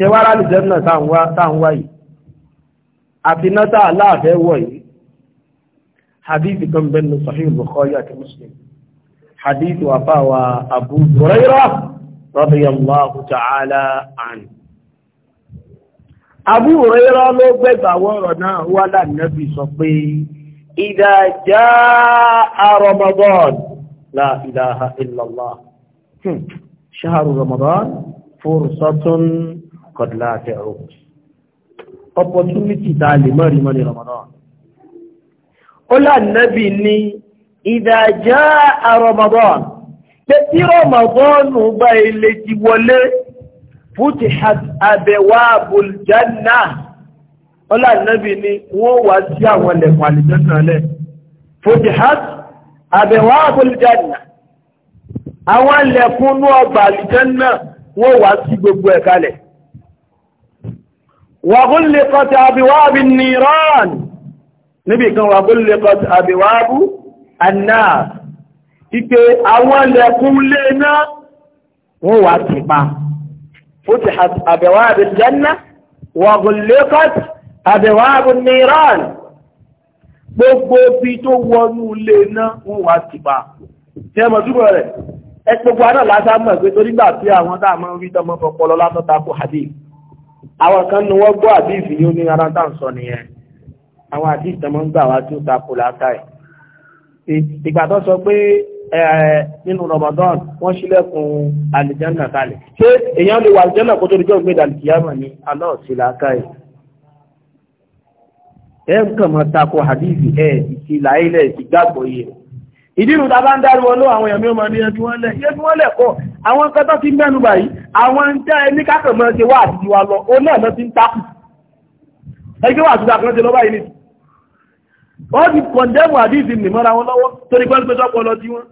ṣe wá rálì náà táwọn wáyìí àti náà náta láàfẹ́ wọ̀ yìí hadith kan bẹ́nu sahih bukhari àti muslim hadith wà fáwà abu buraira radiyallahu ta'ala an abu buraira ló gbẹ́gbà wọ́rọ̀ náà wà lánàbí sọ pé ìdá idha a ramadan la ilaha illallah shahru ramadan fursatun kọ́dílá àtẹ̀rọ opportunity tá a lè mọ́ rí mọ́ ní Ramadan ó lànàbì ní ìdájá Ramadan pé tí Ramadan gba ilé ti wọlé futihat abwabul jannah ó lànàbì ní wọ́n wá sí àwọn lẹ̀kùn àlìjọ́nà lẹ̀ futihat abwabul jannah àwọn lẹ̀kùn ní ọgbà àlìjọ́nà wọ́n wá sí gbogbo ẹ̀kalẹ̀ وغلقت أبواب النيران níbi kan wà gólèkọt àbíwábú annáà ipé àwọn lẹ́kún lé náà wọ́n wà tìpa futihat àbíwábú janna wà gólèkọt àbíwábú nìran gbogbo bí tó wọnú lé náà wọ́n wà tìpa ní ẹmọ túbọ̀ rẹ̀ ẹ gbogbo tí àwọn àwọn kan ní wọ́n gbọ́ àdífì yóò ní ara tá ń sọ nìyẹn àwọn àdífì tán máa ń gbà wá tí ó takò látàì ìgbà tó sọ pé nínú Ramadan wọ́n ṣílẹ̀kùn àlìjánà kalẹ̀ ṣé èèyàn lè wà àlìjánà kó tó di jọ́gbé dàlìkìyàmọ̀ ní aláọ̀sí látàì ẹ̀ ń kàn máa takò àdífì ẹ̀ ìsìláìlẹ̀ ìgbàgbọ́ yìí ìdínú ta bá ń dárú ọlọ́ àwọn èèyàn mẹ́ọ̀mọ́ ní ẹbí wọ́n lẹ̀ yẹ́ bí wọ́n lẹ̀ kọ́ àwọn nǹkan tó ti ń mẹ́nu báyìí àwọn ń tẹ́ ẹni kákàmọ́ ṣe wà àti wa lọ ó náà lọ ti ń takù ẹgbẹ́ wà àtúntà kan ṣe lọ báyìí nìtì wọ́n ti kọ̀ndẹ́mù àdíìsì nìmọ́ra wọn lọ́wọ́ torí pẹ́ pẹ́ sọ́pọ̀ lọ tí wọ́n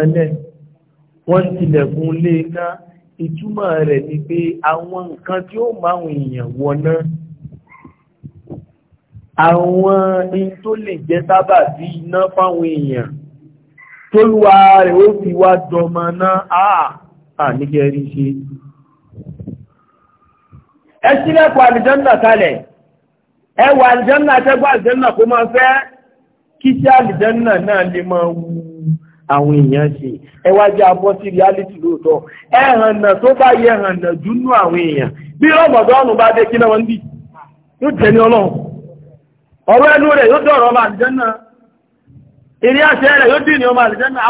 ní ẹ ni wọ́n tilẹ̀kùn lé iná e ìtumọ̀ rẹ̀ ni pé àwọn nǹkan tí ó máa ń èèyàn wọná àwọn in tó lè jẹ́ sábà bí iná fáwọn èèyàn tólúwa rẹ̀ ó fi wá dọmọ náà àà nígẹ̀rí ṣe ẹ sílẹ̀kùn àlìjọ́nà kalẹ̀ ẹ àlìjọ́nà àtẹ́gbà àlìjọ́nà kó máa fẹ́ kí sí àlìjọ́nà náà lè máa wù àwọn èèyàn ṣe ẹ wá jẹ́ abọ́ sí reality lóòótọ́ ẹ̀hànnà tó bá yẹ ẹ̀hànnà dúnú àwọn èèyàn bí rọ́mọ̀dọ́nù bá dé kí náà wọ́n ń bì yóò jẹ́ ní ọlọ́run ọ̀rọ̀ ẹnu rẹ̀ yóò dọ̀rọ̀ ọmọ àlìjẹ́nà eré àṣẹ rẹ̀ yóò dì ní ọmọ àlìjẹ́nà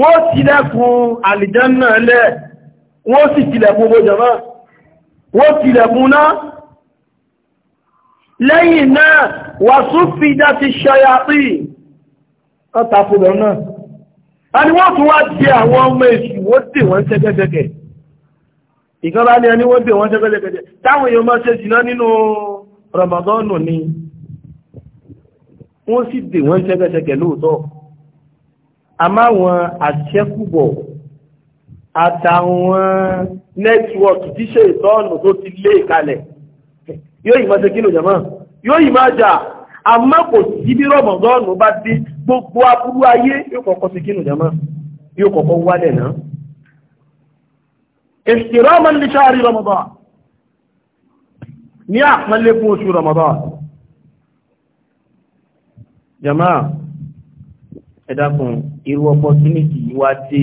wọ́n tilẹ̀kùn àlìjánà lẹ̀ wọ́n sì tilẹ̀kùn bójọmọ́ wọ́n tilẹ̀kùn náà lẹ́yìn náà wà súnfìdá ti ṣayàpì ọ̀tàkùnrọ̀ náà a ni wọ́n tún wá jẹ àwọn ọmọ èṣù wọ́n dè wọ́n ṣẹ́gẹ́gẹ́gẹ́ ìkan bá ní ẹni wọ́n dè wọ́n ṣẹ́gẹ́gẹ́gẹ́ táwọn èèyàn máa ṣe jìnà nínú Ramadan ni wọ́n sì dè wọ́n ṣẹ́gẹ́gẹ́gẹ́ lóòótọ́ àmọ́ àwọn àṣẹ́kùbọ̀ àtàwọn nẹ́tíwọ̀kì tí ṣe ìtọ́ọ̀nù tó ti lé ìkalẹ̀ yóò yìí máa ṣe kílò jẹ̀mọ́ yóò yìí máa jà àmọ́ kò sí bí rọ̀mọ̀dọ́ọ̀nù bá dé gbogbo aburú ayé yóò kọ́kọ́ ṣe kílò jẹ̀mọ́ yóò kọ́kọ́ wálẹ̀ náà ìṣìrọ́mọ̀ ní ṣáàrí rọ̀mọ̀dọ́ọ̀ ní ẹ dákun irú opportunity yìí wá dé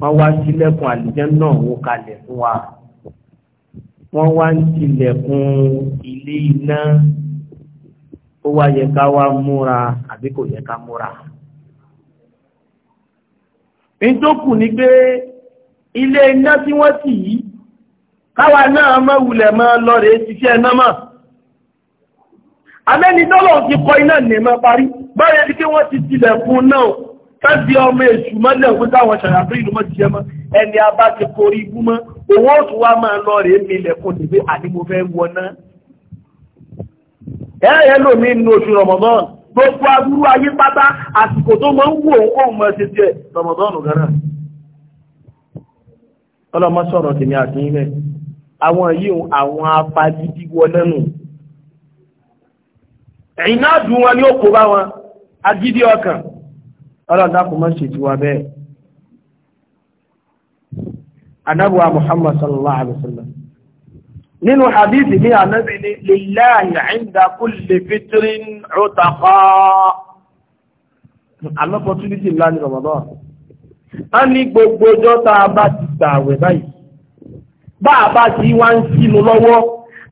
wọ́n wá sílẹ̀kùn àlùjẹ́ náà wó kalẹ̀ fún wa wọ́n wá ń tilẹ̀kùn ilé iná ó wá yẹ ká wá múra àbí kò yẹ ká múra. nítòkù ni pé ilé iná tí wọ́n sì yí káwa náà mọ̀ wulẹ̀ mọ́ lọ́rẹ̀ẹ́ ṣiṣẹ́ náà mọ̀ àmẹ́ni tọ́lọ̀ ti kọ iná ní ẹ̀mọ́ parí bẹ́rẹ̀ ní kí wọ́n ti tilẹ̀ fún náà tẹ́bí ọmọ èṣù mọ́lẹ̀ fún táwọn ṣàyàfí ìlú mọ́ti jẹmọ́ ẹni a bá ti korí ibú mọ́ owó òtún wá máa lọ rèé mi lẹ̀kùn tèbí àdìmọ́ fẹ́ wọná ẹ̀ẹ́yẹ lómi nínú oṣù Ramadan gbogbo aburú ayé pátá àsìkò tó mọ́ ń wù òun kóun mọ́ ṣe tiẹ̀ Ramadan gánà ọlọ́mọ sọ̀rọ̀ tèmi àti ilẹ̀ àwọn yìí àwọn apagídí wọlẹ́nu ìnádùn wọn ni ó kó bá wọn agídí ọkàn ọlọ́dà kò mọ́ ṣètì wa bẹ́ẹ̀ anábùwà muhammad sallallahu alayhi wa nínú hadithi ní ànábì ni lillahi inda kulli fitrin utaqa alọ́pọ̀túnítì ńlá ní ramadan a ní gbogbo ọjọ́ tá a bá ti gbààwẹ̀ báyìí bá a bá ti wá ń sínú lọ́wọ́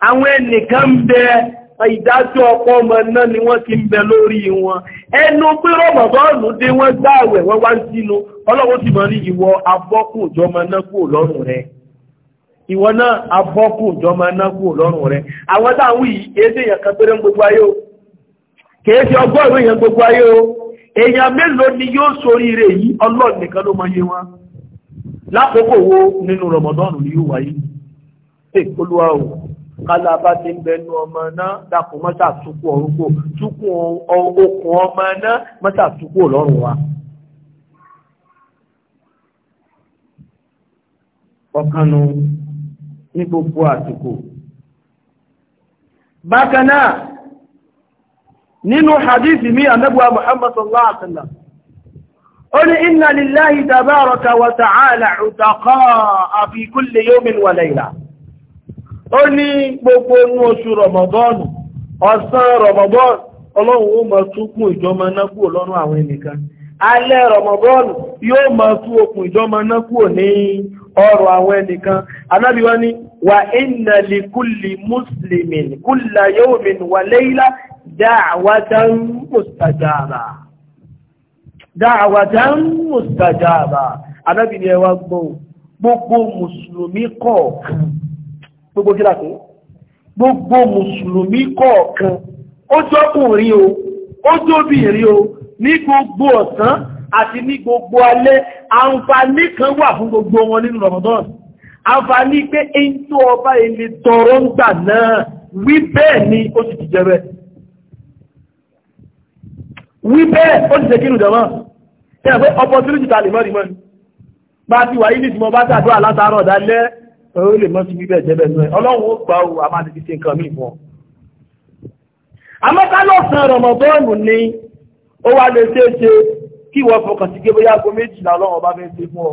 àwọn ẹnìkan bẹ́ẹ̀ ìdájọ́ ọ̀pọ̀ ọmọ náà ni wọ́n ti ń bẹ lórí wọn ẹnu pé rọ̀mọ̀bọ́ọ̀nù dé wọ́n gbààwẹ̀ wọ́n wá ń sínú ọlọ́wọ́ sì mọ̀ ní ìwọ abọ́kùn ìjọmọ náà kúrò lọ́rùn rẹ̀ ìwọ náà abọ́kùn ìjọmọ náà kúrò lọ́rùn rẹ̀ àwọn táwọn yìí èdè èèyàn kan péré gbogbo ayé o kìí ṣe ọgọ́rùn èèyàn gbogbo ayé o èèyàn mélòó ni yóò ṣoríire yìí Ọlọ́run nìkan ló mọ iye wọn kálá bá ti ń bẹnu ọmọ náà dàpọ̀ mọ́tà túkú ọ̀rúgbò túkú okùn ọmọ náà mọ́tà túkú ọlọ́run wa. ọ̀kanu ní gbogbo àsìkò. bákan náà nínú hadith mi anábùwà muhammad sallallahu alaihi wa sallam ó ní inna lillahi tabaraka wa ta'ala utaqaa fi kulli yawmin wa layla. ó ní gbogbo inú oṣù rọ̀mọ̀bọ́ọ̀nù ọsán rọ̀mọ̀bọ́ọ̀nù ọlọ́run ó máa tún kún ìjọmọ náà kúrò lọ́rùn àwọn ẹnìkan alẹ́ rọ̀mọ̀bọ́ọ̀nù yóò máa tún okùn ìjọmọ náà kúrò ní ọrọ̀ àwọn ẹnìkan wà muslimin wa layla da'watan gbogbo kí láti gbogbo mùsùlùmí kọ̀ọ̀kan ó jọ́kùnrin o ó jóbìnrin o ní gbogbo ọ̀sán àti ní gbogbo alẹ́ àǹfààní kan wà fún gbogbo wọn nínú Ramadan àǹfààní pé èyí tó ọba ilé tọrọ ń gbà náà wí bẹ́ẹ̀ ni ó ti jẹ́ bẹ́ẹ̀ wí bẹ́ẹ̀ ó ti ṣèkínú jọmọ́ tẹ́ pé opportunity ta lè ó lè mọ́ sí bíbẹ̀ jẹ́bẹ̀ náà ọlọ́run ó gbà ó àmà àti ṣe nǹkan mí fún ọ. àmọ́ká lọ́sàn-án rọ̀mọ̀bọ́ọ̀mù ni ó wá lè ṣe é ṣe kí ìwọ fọkàn sí gé bóyá aago méjìlá ọlọ́run ọba fẹ́ ṣe fún ọ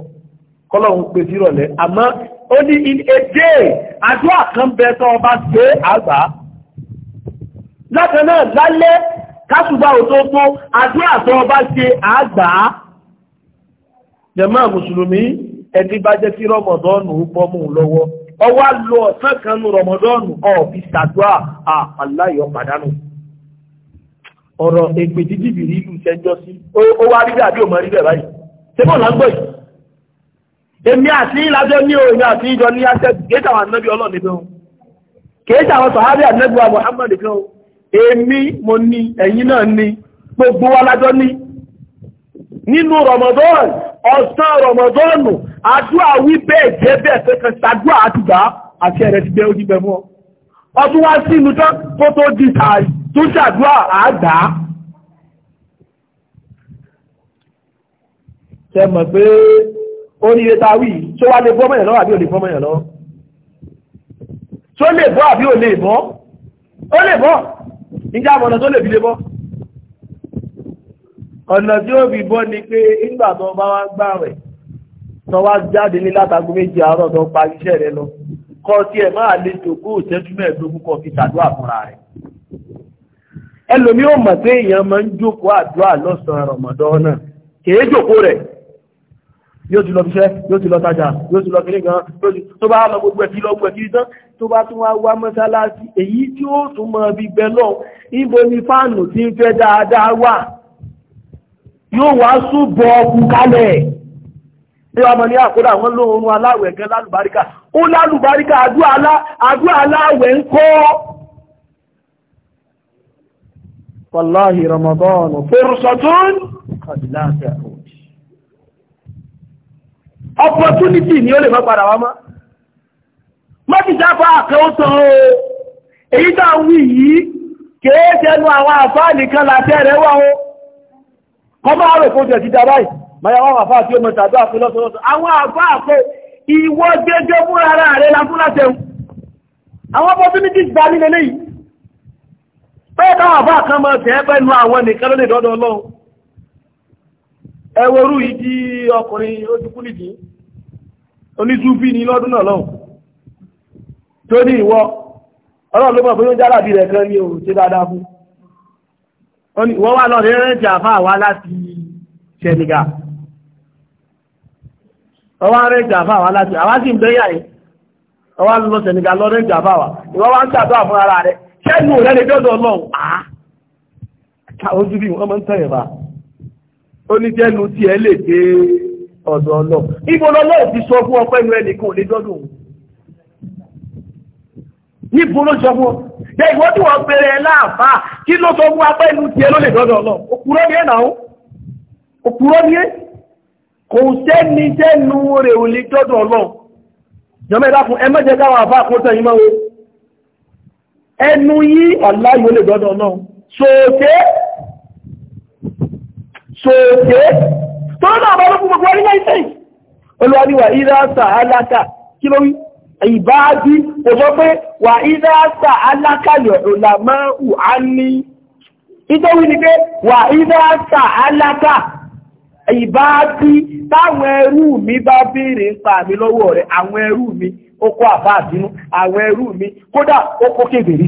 kọ́lọ́run pè sí ìrọ̀lẹ́ àmọ́ ó ní in a day àdúrà kan bẹ tó ọba ṣe àgbà látọ̀ náà lálẹ́ kásùgbà òtótó àdúrà tó ọba ṣe àgbà jàmáà mùsùlùmí ẹni bá jẹ́ sí rọmọdọ́ọ̀nù pọ́ mú lọ́wọ́ ọwọ́ lo ọ̀sán kan nu rọmọdọ́ọ̀nù ọ̀fi ṣàdúrà àpàláyọ̀ pàdánù ọ̀rọ̀ èpè dídì bìrì ìlú ṣẹjọ́ sí ó wá rí òmò rí báyìí ṣé yìí èmi àti ní òyìn àti ìjọ ní àwọn kan èmi mo ní Ramadan ọ̀sán rọ̀mọ̀dọ́nù àdúà wíbẹ̀ jẹ́ bẹ́ẹ̀ pé kan ṣàdúà àtìgbà àti ẹ̀rẹ̀ ti bẹ́ oníbẹ̀ mọ́ ọdún wá sí inú tán kó tó di tààrí tó ṣàdúà àgbà ṣe mọ̀ pé oríire ta wí tó wá lè bọ́mọ̀yàn lọ́wọ́ àbí ò lè bọ́mọ̀yàn lọ́wọ́ tó lè bọ́ àbí ò lè bọ́ ó lè bọ́ níjà mọ̀nà tó lè fi lè bọ́ ọ̀nà tí ó fi bọ́ ni pé nígbà tó bá wá gbààwẹ̀ tó wá jáde ní látago méje àárọ̀ tó parí iṣẹ́ rẹ lọ kọ́ tí ẹ̀ máa lè jòkó ìṣẹ́jú mẹ́ẹ̀ẹ́dógún kọ́ fi ṣàdúrà fúnra rẹ̀ ẹlòmí ò mọ̀ pé èèyàn máa ń jókòó àdúrà lọ́sàn-án rọ̀mọ̀dọ́ náà kèé jòkó rẹ̀ yóò ti lọ fiṣẹ́ yóò ti lọ tajà yóò ti lọ kiri gan tó bá lọ gbogbo ẹ̀kí lọ gbogbo ẹ̀kí tán tó bá tún wá wá mọ́sálásí èyí tí ó tún mọ ibi lọ níbo ni fáànù ti ń fẹ́ dáadáa wà yóò wá súbọ ọkùn kálẹ̀ ní ọmọ ní àkódà wọn lóòrùn aláwẹ̀ kan lálùbáríkà ó lálùbáríkà àdúrà aláwẹ̀ ń kọ́ ramadan opportunity ni o lè má padà wá o èyí wí yìí kèé tẹnu àwọn àfáà kọmọ́ àrò kó jẹ ti dábáì mayawá wà fáà tí ó mẹ́ta àdúrà fún lọ́sọ̀lọ́sọ̀ àwọn àgbà pé ìwọ gẹ́gẹ́ fún ara rẹ̀ láfúnláṣẹun àwọn opportunities bá nílé lẹ́yìn pé káwà bá kan mọ́ tẹ́ pẹ́nu àwọn nìkan lónìí dọ́dọ̀ ọlọ́run ẹwọ́rú ìdí ọkùnrin ojúkú nìdí oníṣúfí ni lọ́dún náà lọ́hùn tó ní ìwọ ọlọ́run ló mọ̀ bóyá ó jálàbí rẹ̀ kan ní òun ṣe dáadáa fún wọ́n wá lọ́rẹ̀ rẹ̀ jàfà wá láti Senegal ọwá rẹ̀ jàfà wá láti àwá sí ìbẹ́yà yìí ọwá lọ Senegal lọ́rẹ̀ jàfà wá ìwọ́n wá ń sàdọ́ àfún ara rẹ̀ ṣẹ́nu rẹ̀ lè dọ́dọ̀ lọ́wọ́ àá ojú bí wọ́n mọ́ ń tẹ̀yẹ̀ bá ó ní jẹ́nu tí ẹ lè dé ọ̀dọ̀ ọlọ́ ibo lọ́lọ́ òfin sọ fún ọpẹ́ nu ẹnìkan ò lè dọ́dọ̀ níbo ló sọ fún ọ jẹ́ ìwọ tí wọ́n pèrè láàfà kí ló sọ fún apá inú tiẹ̀ ló lè dọ́dọ̀ lọ òkúrọ́ ni ẹ̀ náà òkúrọ́ ni ẹ̀ kò sẹ́ni sẹ́nu rẹ̀ ò lè dọ́dọ̀ lọ jọmọ ẹ̀dá fún ẹmẹ́jẹ káwọn àfà àkótọ́ yìí máa wo ẹnu yí ọ̀la yóò lè dọ́dọ̀ lọ sòkè sòkè tó náà bá lọ́pọ̀ gbogbo ọdún náà ìsẹ́yìn olùwàníwà ìdá sàálákà kí ló wí ìbáábí kò sọ pé wà ìdáàsà alákàlẹ̀ òlàmọ́ ùhá ní ìtọ́wí ni pé wà ìdáàsà alákà ìbáábí táwọn ẹrù mi bá bèèrè ń pa mi lọ́wọ́ rẹ̀ àwọn ẹrù mi ó kó àbá àbínú àwọn ẹrù mi kódà ó kó kèbèrí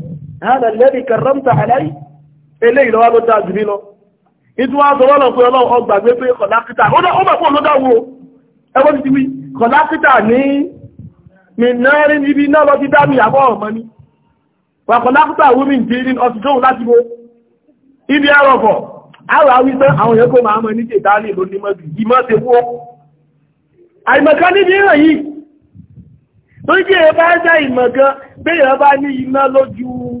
hàn lẹ́bi kẹrẹ́mta àlàyé eléyìí lọ́wọ́ ló dá jù mí lọ ìtú wa sọ lọ́nà pé ọlọ́run ọgbàgbé pé kọ̀lákítà ó bẹ̀ fún olódà wo ẹgbẹ́ ti wí kọ̀lákítà ní mìnàrí níbi náà lọ ti dá mi àbọ̀ ọ̀mọ́ ni wà kọ̀lákítà wúmi jírín ọ̀sìjọ́hùn láti wo ibi ẹrọ̀fọ̀ àwọn awísẹ́ àwọn yẹn kó máa mọ̀ ní tètálì lónìí mọ́bì ìmọ̀ ti wó àìmọ̀kan níbi ìràn yìí torí bí ẹ bá jẹ́ ìmọ̀kan bí ẹ bá ní iná lójú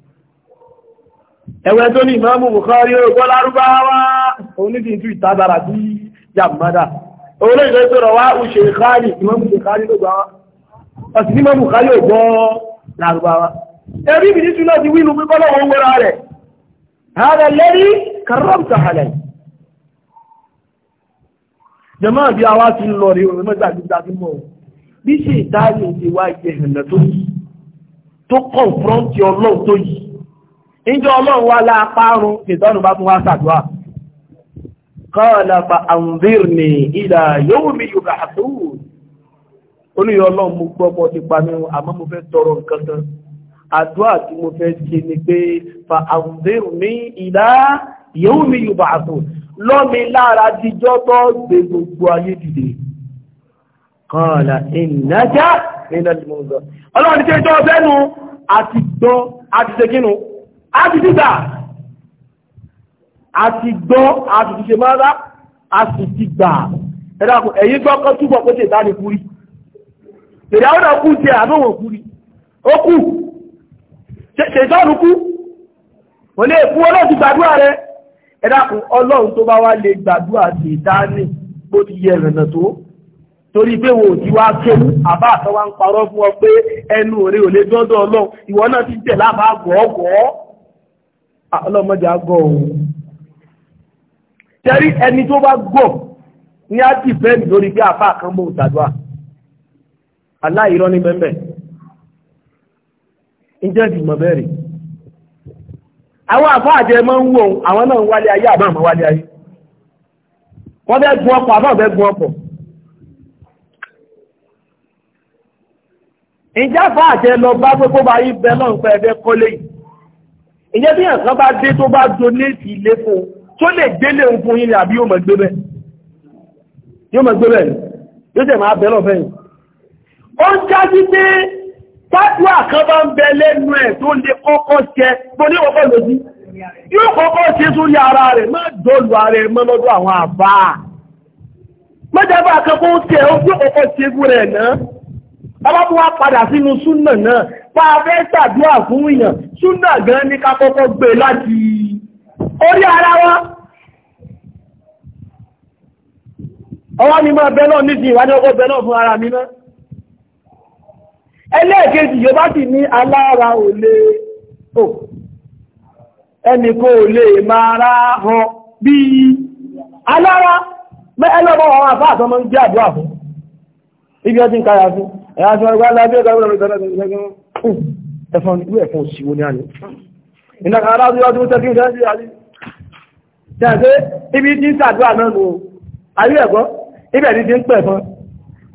ẹ̀wẹ́ tó ní ìmáàmù Bukhari ọgbọ́ lárúbáwá onídìí tí ìtàdára bí jàmádà olóògbé tó rọwá òṣè káàrí ìmáàmù Bukhari ló gbáwá ọ̀sìn ní ìmáàmù Bukhari ọgbọ́ lárúbáwá ẹ̀rí mi ní túnlọ́ ti wínú pípọ́ lọ́wọ́ jẹmọ́ bí a wá ti lọ rí orin mẹ́ta gbígbà tí bí ṣe ìdáyé ti wá tó yìí tó kọ̀ǹfrọ́ǹtì ọlọ́run tó yìí ìjọ ọlọ́run wá láàpárun ìtọ́nù bá tún wá sàdúwà kọ́ọ̀lọ́pàá àǹdírni ìlà yóò mi yóò bá àtúwò olùyọ ọlọ́run mo gbọ́ pọ̀ ti pa mí àmọ́ mo fẹ́ tọrọ nǹkan kan àdúrà tí mo fẹ́ ṣe ni pé fa àǹdírni ìlà yóò mi yóò bá àtúwò a ti títà a ti gbọ́ a ti ti ṣe mọ́ra a sì ti gbà ẹ̀dàkù ẹ̀yìn gbọ́ kan túbọ̀ pé ṣe ìdáni kúrí tèrè àwọn ọ̀kú ti àdóhùn òkúrí ó kú ṣèṣọ́nù kú kò lè kú ọlọ́run ti gbàdúrà rẹ ẹ̀dàkù ọlọ́run tó bá wá lè gbàdúrà sí ìdáni bó ti yẹ ìrìnà tó torí pé wo òjí wá kéwú àbá àtọwá ń parọ́ fún ọ pé ẹnu òre ò lè dọ́dọ̀ ọlọ́run ìwọ náà ti tẹ̀ lábàá gọ̀ọ́gọ̀ọ́ ọlọ́mọdé agọ́ òun tẹ́rí ẹni tó bá gọ̀ ní á ti fẹ́ lórí pé àpá kan bó tàdúà aláìrọ́ ní bẹ́ẹ̀ ǹjẹ́ ìgbìmọ̀ bẹ́ẹ̀rẹ̀ àwọn àfáà jẹ mọ́ ń wò àwọn náà ń wálé ayé àbá àmọ́ wálé ayé wọ́n fẹ́ gun ọkọ̀ àbá fẹ́ gun ọkọ̀ ǹjẹ́ àfáà jẹ lọ bá gbogbo bá bẹ́ẹ̀ náà ń pẹ́ ẹgbẹ́ kọ́lé yìí ìyẹn bí ẹ̀sán bá dé tó bá donate ilé fún tó lè gbélé ń fún yín ni àbí yóò mọ̀ gbé bẹ́ẹ̀ yóò mọ̀ gbé bẹ́ẹ̀ ni yóò tẹ̀ máa bẹ́ẹ̀ lọ bẹ́ẹ̀ ó ń jáde pé pátúà kan bá ń bẹ lẹ́nu ẹ̀ tó lè kọ́kọ́ jẹ tó ní kọ́kọ́ lójú yóò kọ́kọ́ ṣe sórí ara rẹ̀ má dọ́lù ara ẹ̀ mọ́ lọ́dọ̀ àwọn àbá mọ́jábà kan kó tẹ̀ ó yóò kọ́kọ́ ṣe fún náà bàbá tó wá padà sínú súnà náà bá a fẹ́ fún èèyàn súnà gan ní kakọ́kọ́ gbé láti orí ara wa ọwọ́ ni mọ́ bẹ náà nísìnyí náà fún ara mi ẹlẹ́ẹ̀kejì yóò bá sì ní alára ò lè ò hàn bí alára ẹlọ́bọ̀ ń àdúrà fún ibi ọdún fún ẹ̀yà tí wọ́n gbá ẹ̀fọn ìwé ẹ̀fọn òṣìwò ní àná iná kan aláwọ̀ yóò dúró tẹ́kí nǹkan sí àlè tẹ̀sẹ̀ ibi tí ń ṣàdúrà náà lò ayé ẹ̀gbọ́ ibẹ̀ ni ti ń pẹ̀ fún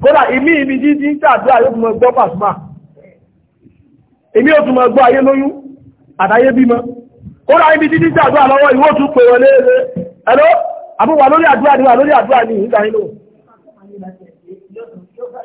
kódà ìmí ibi tí ń ṣàdúrà yóò tún mọ gbọ́ pàṣùmà èmi ò tún mọ gbọ́ ayé lóyún àtayé bímọ kódà ibi tí ń ṣàdúrà lọ́wọ́ ìwọ́ tún pè wọlé ẹ̀rọ àbúwà lórí àdúrà ni wà lórí àdúrà ni ìgbà yín lò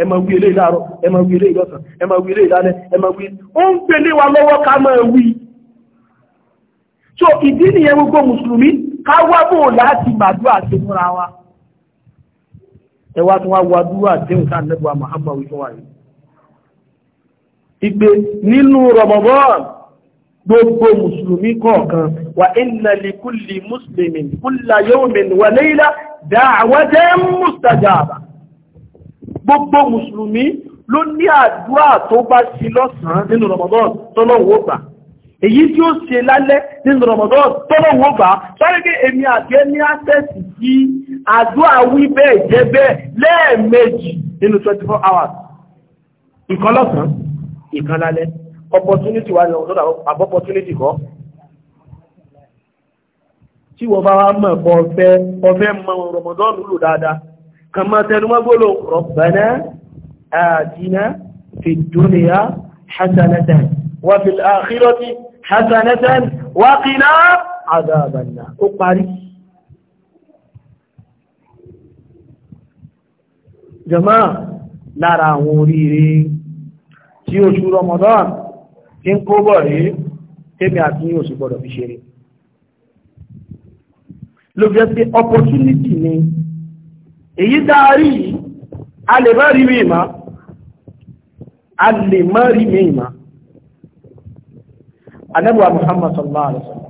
ẹ máa wí eléyìí láàárọ̀ ẹ máa wí eléyìí lọ́sàn ẹ máa wí eléyìí lálẹ́ ẹ máa wí ó ń gbélé wa lọ́wọ́ ká máa wí so ìdí nìyẹn gbogbo mùsùlùmí ká wá bò láti gbàdúrà ṣe fúnra wa ẹ wá tún wá wá dúró àdéhùn sáà nẹ́bùwà Muhammadu fún wa yìí ìgbé nínú Ramadan gbogbo mùsùlùmí kọ̀ọ̀kan wà inna li kulli muslimin kulla yawmin wa layla da'watan mustajaba gbogbo mùsùlùmí ló ní àdúrà tó bá sí lọ́sàn nínú Ramadan tọ́lọ́wọ́ gbà èyí tí ó ṣe lálẹ́ nínú Ramadan tọ́lọ́wọ́ gbà sọ́rí pé èmi àti ẹ ní àṣẹ́sì sí àdúrà wí bẹ́ẹ̀ jẹ́ bẹ́ẹ̀ nínú 24 hours ìkan lọ́sàn opportunity wà ní ọ̀dọ́dà opportunity kọ́ tí wọ́n bá wá mọ̀ Ramadan lò dáadáa kan máa tẹnumọ́ gbólò rọ̀bẹ̀nà àdínà fi dúnìyà hasanatan wà fi àkírọ́tí hasanatan wà kìlá àdábànà ó parí jama lára àwọn oríire tí oṣù Ramadan tí ń kó bọ̀ rí àti ní oṣù gbọ́dọ̀ fi ṣeré ló fi opportunity ni èyí dárí a lè bá rí mi ìmá a lè má rí mi ìmá anẹ́bùwà Muhammad sallallahu alaihi wasallam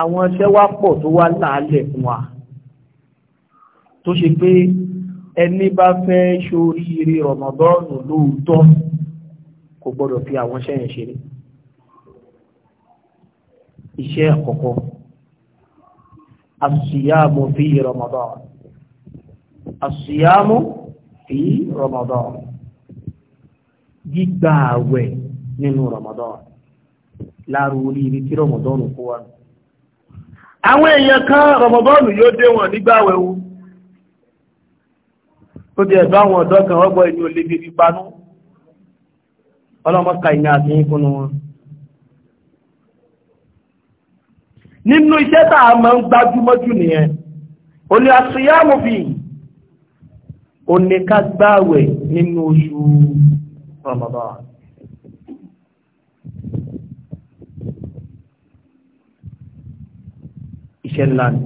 àwọn iṣẹ́ wá pọ̀ tó wá láàálẹ̀ fún wa tó ṣe pé ẹni bá fẹ́ ṣoríire rọ̀mọ̀dọ́rùn lóòótọ́ kò gbọ́dọ̀ fi àwọn iṣẹ́ ṣeré iṣẹ́ àkọ́kọ́ الصيام في رمضان الصيام في رمضان gbígba àwẹ̀ nínú Ramadan láàrú oríire tí Ramadan kó wá àwọn èèyàn kan Ramadan yóò dé wọn nígbà àwẹ̀wò ó di ẹ̀dọ́ àwọn ọ̀dọ́ kan ọgbọ́ inú olè bíbí panú ọlọ́mọ́ka ìní àti yínkúnnú wọn nínú iṣẹ́ tá a máa ń gbájúmọ́ jù nìyẹn o ní àṣìyàmù fi o ní ká gbáwẹ̀ nínú oṣù Ramadan iṣẹ́ ńlá ni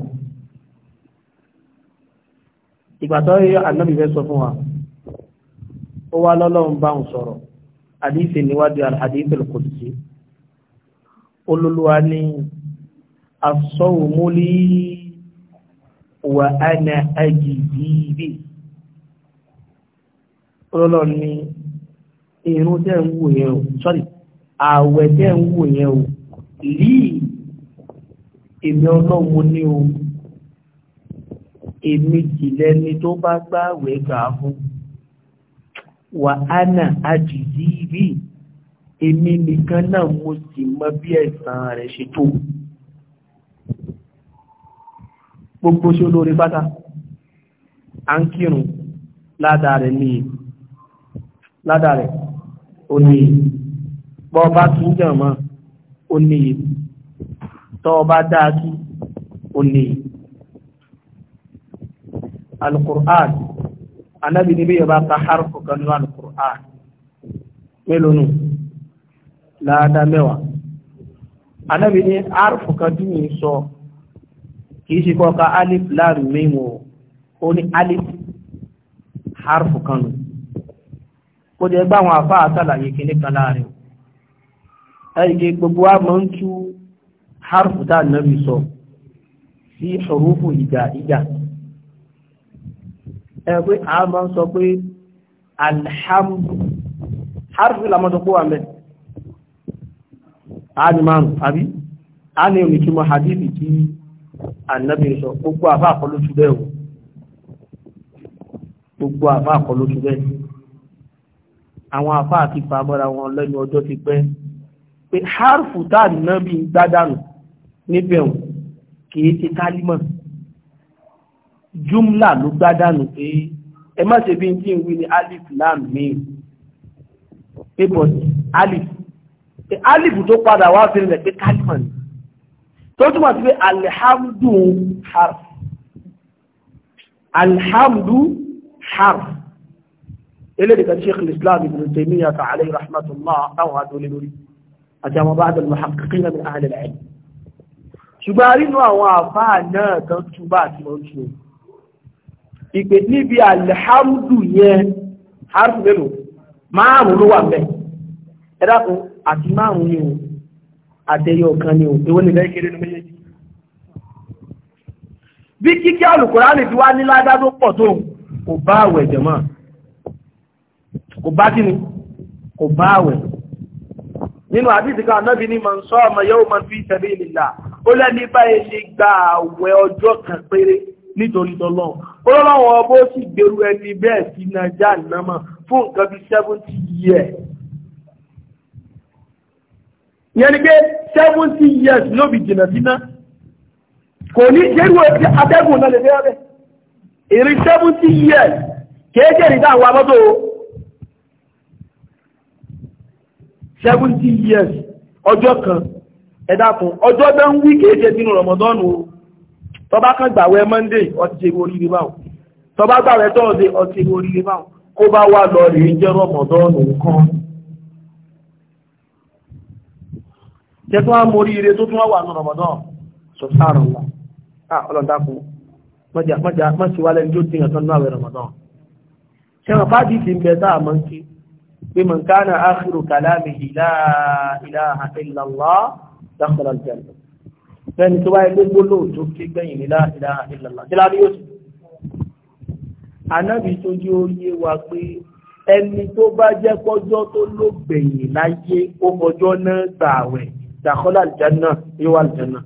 ìgbà tó yẹ Ànábì fẹ́ sọ fún wa ó wá lọ́lọ́run bá ń sọ̀rọ̀ àdíṣe níwájú àdíṣe lọ́kọ̀ọ́sí olólùwà ní asọ́wọ́mọ́lé wà á na àjìjì bí ọlọ́lọ́ ni irun tẹ́ ń wò yẹn o sorry ààwẹ̀ tẹ́ ń wò yẹn o líì èmi ọlọ́run ní o èmi jìlẹ̀ ni tó bá gbààwẹ̀ gbà fún wà á na àjìjì bí èmi nìkan náà mo sì mọ bí ẹ̀san rẹ̀ ṣe tó o. gbogbo ṣe olóore pátá à ń kírun ládàrẹ̀ ní ládàrẹ̀ ó ní bọ́ bá tún jẹ̀ mọ́ ó ní tọ́ bá dáa kí ó ní alukur'an anabi ni bí yẹ bá ta harfu kan ní alukur'an mélòó nù láàdá mẹ́wàá anabi ni kan dùn yìí sọ. So, kìí ṣe kọ́ ka alif láàrin mímu ó ní alif harfu kanu kó jẹ́ gbá àwọn àfá àtàlàyé kìíní kan láàrin ẹ̀yẹ gbogbo wa máa ń tú harfu tá nàbì sọ sí hurufu ìjà ìjà ẹ pé sọ pé alhamdu harfu làmọ́ pé wà mẹ́ a ní márùn-ún àbí a ní oníkímọ̀ hadithi kìí ànábì sọ gbogbo àfa àkọlótú bẹ́ẹ̀ o gbogbo àfa àkọlótú bẹ́ẹ̀ àwọn àfa àti fàmọ́ra wọn lẹ́nu ọjọ́ ti pẹ́ pé hárfù tá ànábì gbádànù níbẹ̀ o kìí ti kálímọ̀ júmlà ló gbádànù pé ẹ má ṣe bí n tí ń wí ní alif lam mim pé bọ́sì alif alif tó padà wá fi rẹ̀ pé kálímọ̀ ni tó túnmọ̀ sí pé alhamdu harf alhamdu harf eléyìí kan sheikh islam ibn taymiya ta alayhi rahmatullah àwọn adolé lórí àti àwọn ba'd al-muhaqqiqin min ahli al-ilm ṣùgbọ́n nínú àwọn àfáà náà kan túbà àti mọ́jú ìpè níbi alhamdu yẹn harf mélòó márùn ló wà mẹ́ ẹ̀dàkùn àti márùn ni àtẹyọ kan ni òwò nílẹ̀ kéré ní méjèèjì bí kíkí alùkùránì fi wá níládá tó pọ̀ tó kò bá àwẹ̀ jẹ̀mọ́ kò bá kíni kò bá àwẹ̀ nínú àdíjì kan náà bí ní mọ̀ ń sọ ọmọ yóò mọ̀ fi tẹ̀lé ìlà ó lẹ́ni báyìí lè gba àwẹ̀ ọjọ́ yẹn pé seventy years ló fi jìnà síná kò ní ṣerú ẹtí atẹ́gùn náà lè fẹ́ rẹ̀ ìrì seventy years kéèké ní táwọn amọ́tò seventy years ọjọ́ kan ẹ̀dá kan ọjọ́ bẹ́ ń wí kéèké sínú Ramadan o tọba kan gbàwẹ̀ Monday ọtí ṣe oríire báwọn tọba gbàwẹ̀ Thursday ọtí ṣe oríire báwọn kó bá wà lọ rèé jẹ́ Ramadan nǹkan. jẹ́ tó wá mórí ire tó tún wà ní Ramadan subhanallah ah ọlọ́dákú mọ́jà mọ́síwálẹ̀ tó dìyàn tán náà Ramadan ṣẹ́wọ̀n fàájì ti ń bẹ dáa mọ́ kí pé man kana akhiru kalamihi la ilaha illallah dakhala al ẹni tó bá jẹ́ tó ló gbẹ̀yìn láyé ó kọjọ́ náà gbààwẹ̀ dàkọ́lá àjẹ́nà yíwá àjẹ́nà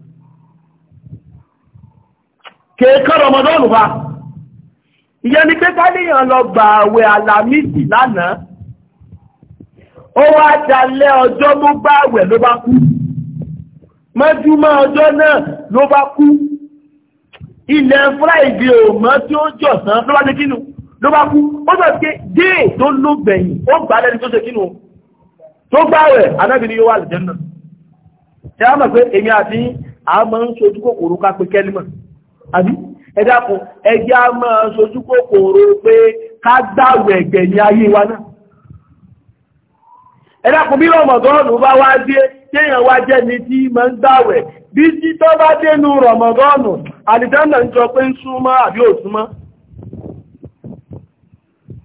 kéèkọ́ rọmọdọ́nù bá ìyẹn ni pé káníyàn lọ gbà àwẹ̀ àlàmísì lánàá ó wá dalẹ́ ọjọ́ ló bá àwẹ̀ ló bá kú mọ́júmọ́ ọjọ́ náà ló bá kú ilẹ̀ fúráìdì òmọ́ tí ó jọ̀sán ló bá dé kínú ló bá kú ó sọ ẹ á mọ̀ pé èmi àti a máa ń sojú kòkòrò ká pé kẹ́límọ̀ àbí ẹ ẹjẹ́ a máa sojú kòkòrò pé ká gbàwẹ̀ ẹ̀gbẹ̀ ní ayé wa náà ẹ dákun bí rọmọgọ́ọ̀nù bá wá dé téèyàn wá jẹ́ ni tí máa ń gbàwẹ̀ bí tí tó bá dénú rọmọgọ́ọ̀nù àlìjánà ń jọ pé ń súnmọ́ àbí òsúnmọ́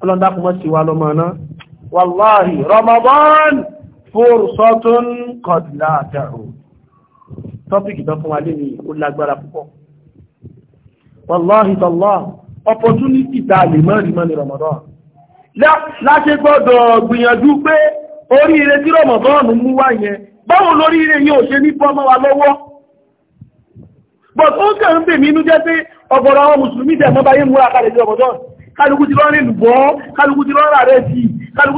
ọlọ́dákùnmọ́ sí wa lọ́mọ náà tọ́pìkì tó fún wa lé ní ó lágbára púpọ̀ wàláhì tọ́lá opportunity ta lè mọ́ rí mọ́ ní Ramadan láṣẹ gbọ́dọ̀ gbìyànjú pé oríire tí Ramadan mú wá yẹn báwo lóríire yóò ṣe ní bọ́ mọ́ wa lọ́wọ́ but ó kàn ń bè mí inú jẹ́ pé ọ̀gọ̀rọ̀ àwọn mùsùlùmí tẹ̀ mọ́ báyé múra kalẹ̀ sí Ramadan kálukú ti lọ́rin lùbọ́ kálukú ti lọ́ra rẹ̀ sí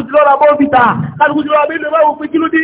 ti lọ́ra bọ́ọ̀bìtà kálukú ti lọ́ra bẹ́ẹ̀ lọ́wọ́ pé kí ló dé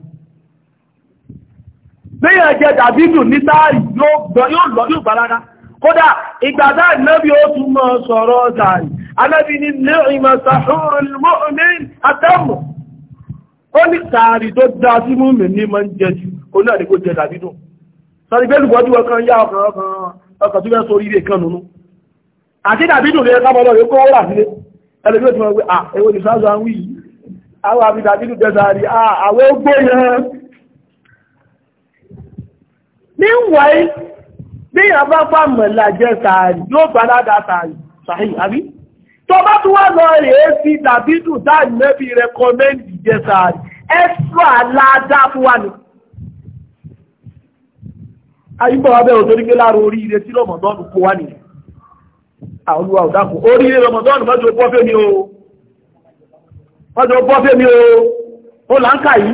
Béèyàn jẹ Dàbídù ní táàrí yóò lọ yóò gbà Kódà, ìgbà táàrí ó tún mọ́ sọ̀rọ̀ ni ní ìmọ̀ sàúrù mọ́ọ̀mí àtẹ́mù. Ó ní sàárì tó dá sí mú mi ní máa ń jẹ jù, ó náà ní kó jẹ Dàbídù. Sọ̀rọ̀ ìgbẹ́lú gbọ́dú ọkàn yá kan nínú. Àti Dàbídù ní ẹ̀ká Meanwhile, bí èèyàn bá bá mọ̀lá jẹ́ sàárì yóò bá ládà sàárì sàárì àbí? Tó bá tún wá lọ rèé sí dàbídù dáàdì mẹ́bí rẹkọmẹ́ndì jẹ́ sàárì, ẹ́sùn àládá fún wa ni. Ayúbọ̀ abẹ́ òtorí pé láàrọ̀ oríire tí Rọ̀mọ̀dọ́nù kó wá nìyẹn. Àolúwa òdákùn, oríire Rọ̀mọ̀dọ́nù mọ́jọ bọ́fẹ́ mi o. Mọ́jọ bọ́fẹ́ mi o. Ó là ń kà yìí.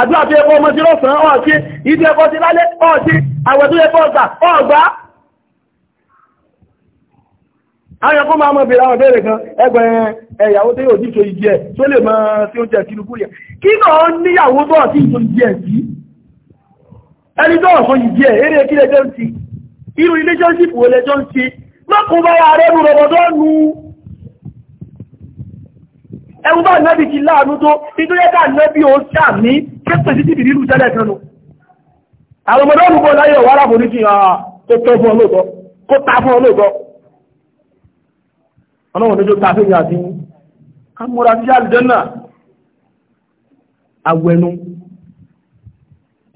àdúrà tó ẹkọ́ ọmọ tí lọ́sàn án ọ̀ṣẹ́ ibi ẹkọ́ ti lálẹ́ ọ̀ṣẹ́ àwẹ̀ tó ẹkọ́ ọ̀gbà ọ̀gbà ayọ̀ kó máa mọ̀ bèèrè àwọn bèèrè kan ẹgbẹ̀n ẹ̀yàwó tó yóò díṣo ìjẹ́ tó lè mọ́ tí ó jẹ́ kìlúkú yẹ kí náà níyàwó tó ọ̀sí ìjọ ìjẹ́ sí ẹni tó ọ̀sọ́ ìjẹ́ eré kí lẹjọ́ ń ti irú relationship wo lẹjọ́ ń ti mọ́kùn bá wà rẹ́rù rọ̀bọ̀dọ́ nu ẹwú bá nábì ti láàánú tó nítorí ká nábì ó sàmí képe sí jìbìrì ìlú kan nù àwọn ọmọdé ọ̀rùn láyé ọ̀wọ́ ní kí kó tọ́ fún ọlọ́tọ́ kó ta fún ọlọ́run ta fún ìyàtí amúra sí àlùjẹ́nà awẹnu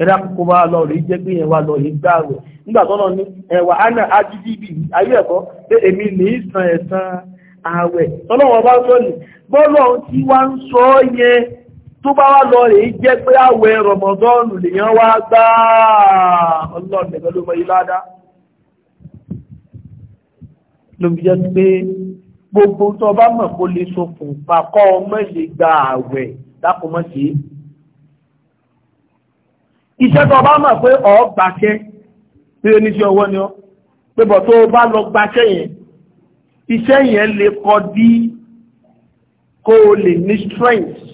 ẹ̀rá kókó lọ rí jẹ́ pé ẹ̀wà lọ rẹ̀ nígbà ní ẹ̀wà ayé ẹ̀kọ́ yẹn tó bá wá lọ rèé jẹ́ pé àwẹ̀ rọmọdọ́ọ̀nù lèyàn wá gbá ọlọ́run nìkan ló mọ ilé ádá lóbi jẹ́ pé gbogbo tó bá mọ̀ kó lè sokùn pakọ́ ọmọ lè gba àwẹ̀ dákùnmọ́ sí iṣẹ́ tó bá mọ̀ pé ọ̀ gbàṣẹ́ pé oníṣẹ́ ọwọ́ ni ọ́ pé bọ̀ tó bá lọ gbàṣẹ́ yẹn iṣẹ́ yẹn lè kọ́ dí kó o lè ní strength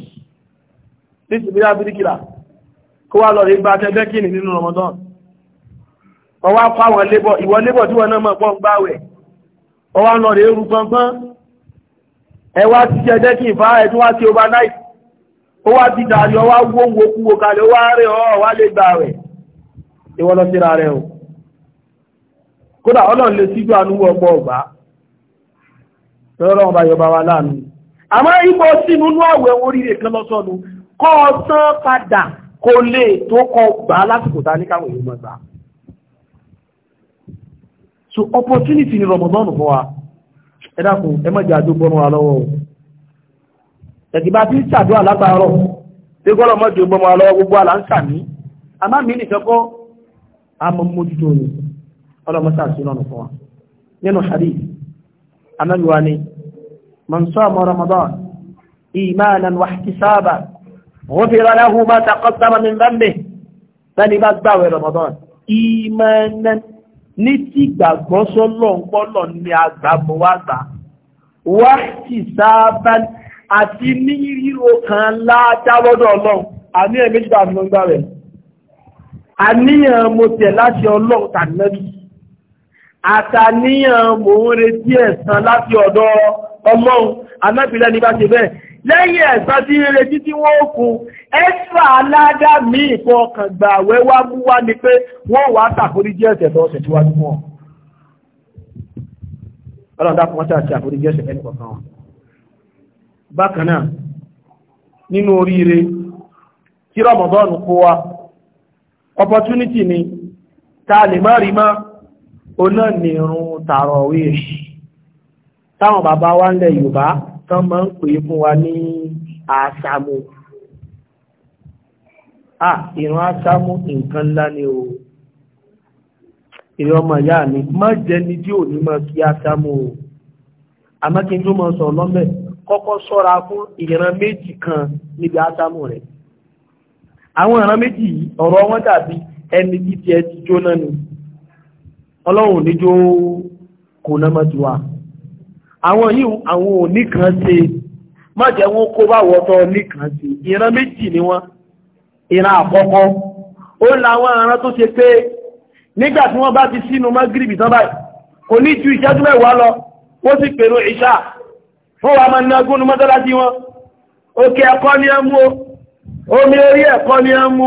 ní ìsìnbíyà bíríkìlà kó wá lọ rí bá tẹ́ bẹ́kìnì nínú Ramadan ọwá pàwọn lébọ̀ ìwọ lébọ̀ tí wọ́n náà mọ̀ pọ́ ń gbáwẹ̀ ọwá lọ rí eru gbọ́ngbọ́n ẹwà ti jẹ́ dẹ́kìn fà ẹ̀tún wá ti overnight ó wá ti dàrí ọwá wó ń wokú wo kalẹ̀ ó wá rẹ̀ ọ wá lè gbàwẹ̀ ìwọ lọ síra rẹ̀ o kódà ọlọ́run lè síjú àánú ọgbọ́ àmọ́ ipò sínú nú àwẹ̀ oríire kan lọ́sọ̀nù kọ́ ọ san padà kò lè tó kọ gbà lásìkò tá ní káwọn èèyàn máa gbà. so opportunity ni Ramadan fún wa ẹ dákun ẹ má jẹ́ àjò bọ́nú wa lọ́wọ́ o ẹ̀dìbá tí ń ṣàdúrà látàárọ̀ pé gbogbo àlà ń sàmí wa nínú hadith غفر له ما تقدم من ذنبه sẹ́ni bá gbàwẹ̀ Ramadan ìmọ̀ẹ́nẹ́ ní tí gbàgbọ́ sọ́lọ̀ ń pọ́lọ̀ ní àgbàmọ́wàgbà wá sì sáábà àti ní ríro kan láàdáwọ́dọ̀ ọlọ́run àní ẹ̀ méjìlá àti lọ́gbà rẹ̀ àníyàn mo tẹ̀ láti ọlọ́run tàbí àtàníyàn mo ń retí ẹ̀san láti ọ̀dọ̀ ọlọ́run anábìlẹ́ni bá ṣe bẹ́ẹ̀ lẹ́yìn ẹ̀san tí ń retí tí wọ́n kún ẹ́sà aládá mi ìfọ́ ọkàn gbà wẹ́wà mú wá ní pé wọ́n wà tàforíjì ẹ̀ṣẹ̀ tó ọ̀sẹ̀ tíwájú mọ́ ọlọ́dàkùn wọ́n tàbí àforíjì opportunity ni ta lè má rí mọ́ oná nìrún tààrọ̀ wíṣ táwọn bàbá wa ń lẹ Yorùbá tán máa ń pè fún wa ní àṣàmù à ìran àṣàmù nǹkan ńlá ni o ìran ọmọ ìyá mi má jẹni tí ò ní máa kí àṣàmù o àmọ́ kí n tó máa sọ lọ́mẹ̀ kọ́kọ́ sọ́ra fún ìran méjì kan níbi àṣàmù rẹ̀ àwọn ìran méjì ọ̀rọ̀ wọn dàbí ẹni tí tiẹ̀ ti jóná ni ọlọ́run níjó kò náà mọ́ ti wà àwọn yìí àwọn òní kan ṣe má jẹ́ wọ́n kó bá wọ́tọ́ ní kan ṣe ìran méjì ni wọ́n ìran àkọ́kọ́ ó láwọn ìran tó ṣe pé nígbà tí wọ́n bá ti sínú mágírìbì tán báyìí kò ní ju ìṣẹ́jú mẹ́wàá lọ ó sì pèrò ìṣà fún wa máa ná gúnnú mọ́tọ́lájí wọn òkè ẹ̀kọ́ ni ẹ mú omi orí ẹ̀kọ́ ni ẹ mú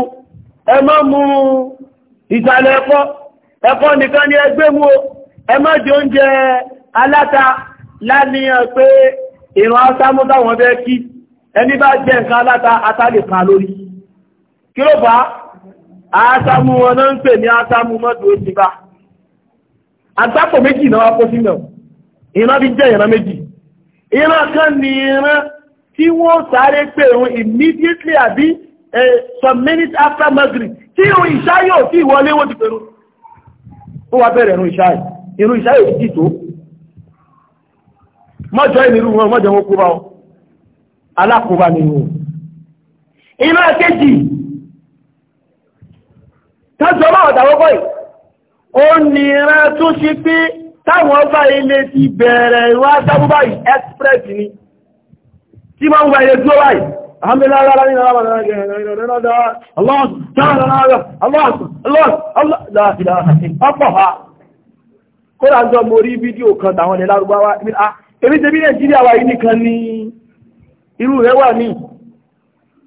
ẹ má mú ìsàlẹ̀ ẹ̀kọ́ ẹ̀kọ́ nìkan ni ẹ gbé mú ẹ má jẹ oúnjẹ aláta láníyàn pé ìran asámú táwọn bẹ́ kí ẹni bá jẹ nǹkan aláta atálè kan lórí kí ló bá asámú wọn náà ń pè ní asámú mọ́tò òsì bá àgbápò méjì náà kó sínú ìran bí jẹ́ ìran méjì ìran kan ní ìran tí wọ́n sáré pé òun immediately àbí some minutes after Maghrib tí òun ìṣáyò tí ìwọlé wọ́n ti pẹ̀rù ó wà bẹ̀rẹ̀ ìrun ìṣáyò ìrun ìṣáyò ti tó mọ́jọ́ ìnirú wọn mọ́jọ́ wọn kú bá alakụba nínú iná kejì tọ́jọ́ máa ó tó ṣe pé táwọn ọba ilé ti bẹ̀rẹ̀ ìwá sábúbá yìí express ni tí máa ń gba ilé báyìí èmi ṣe bí nàìjíríà wà yìí nìkan ni irú rẹ̀ wà ní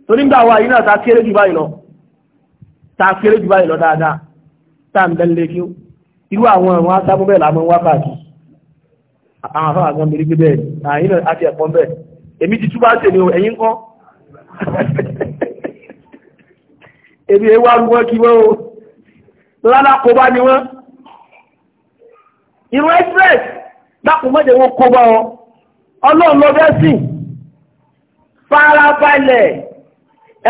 tonígbà wà yìí náà ta kéré jù báyìí lọ ta kéré jù báyìí lọ dáadáa tá à ń bẹ́lẹ̀ kí ó irú àwọn àwọn asábọ́ bẹ́ẹ̀ làwọn wákàtí àwọn afọ́ àgbọn mi rí pé bẹ́ẹ̀ àyín náà àti ẹ̀pọ́n bẹ́ẹ̀ èmi ti túbá tèmi ẹ̀yìn kọ́ èmi ewu arúgbó kí wọ́n o lálákòóbá ni wọ́n irun express dákùn mọ́jẹ̀ wọn kó bá wọn ọlọ́run lọ bẹ́ẹ̀ sìn farabalẹ̀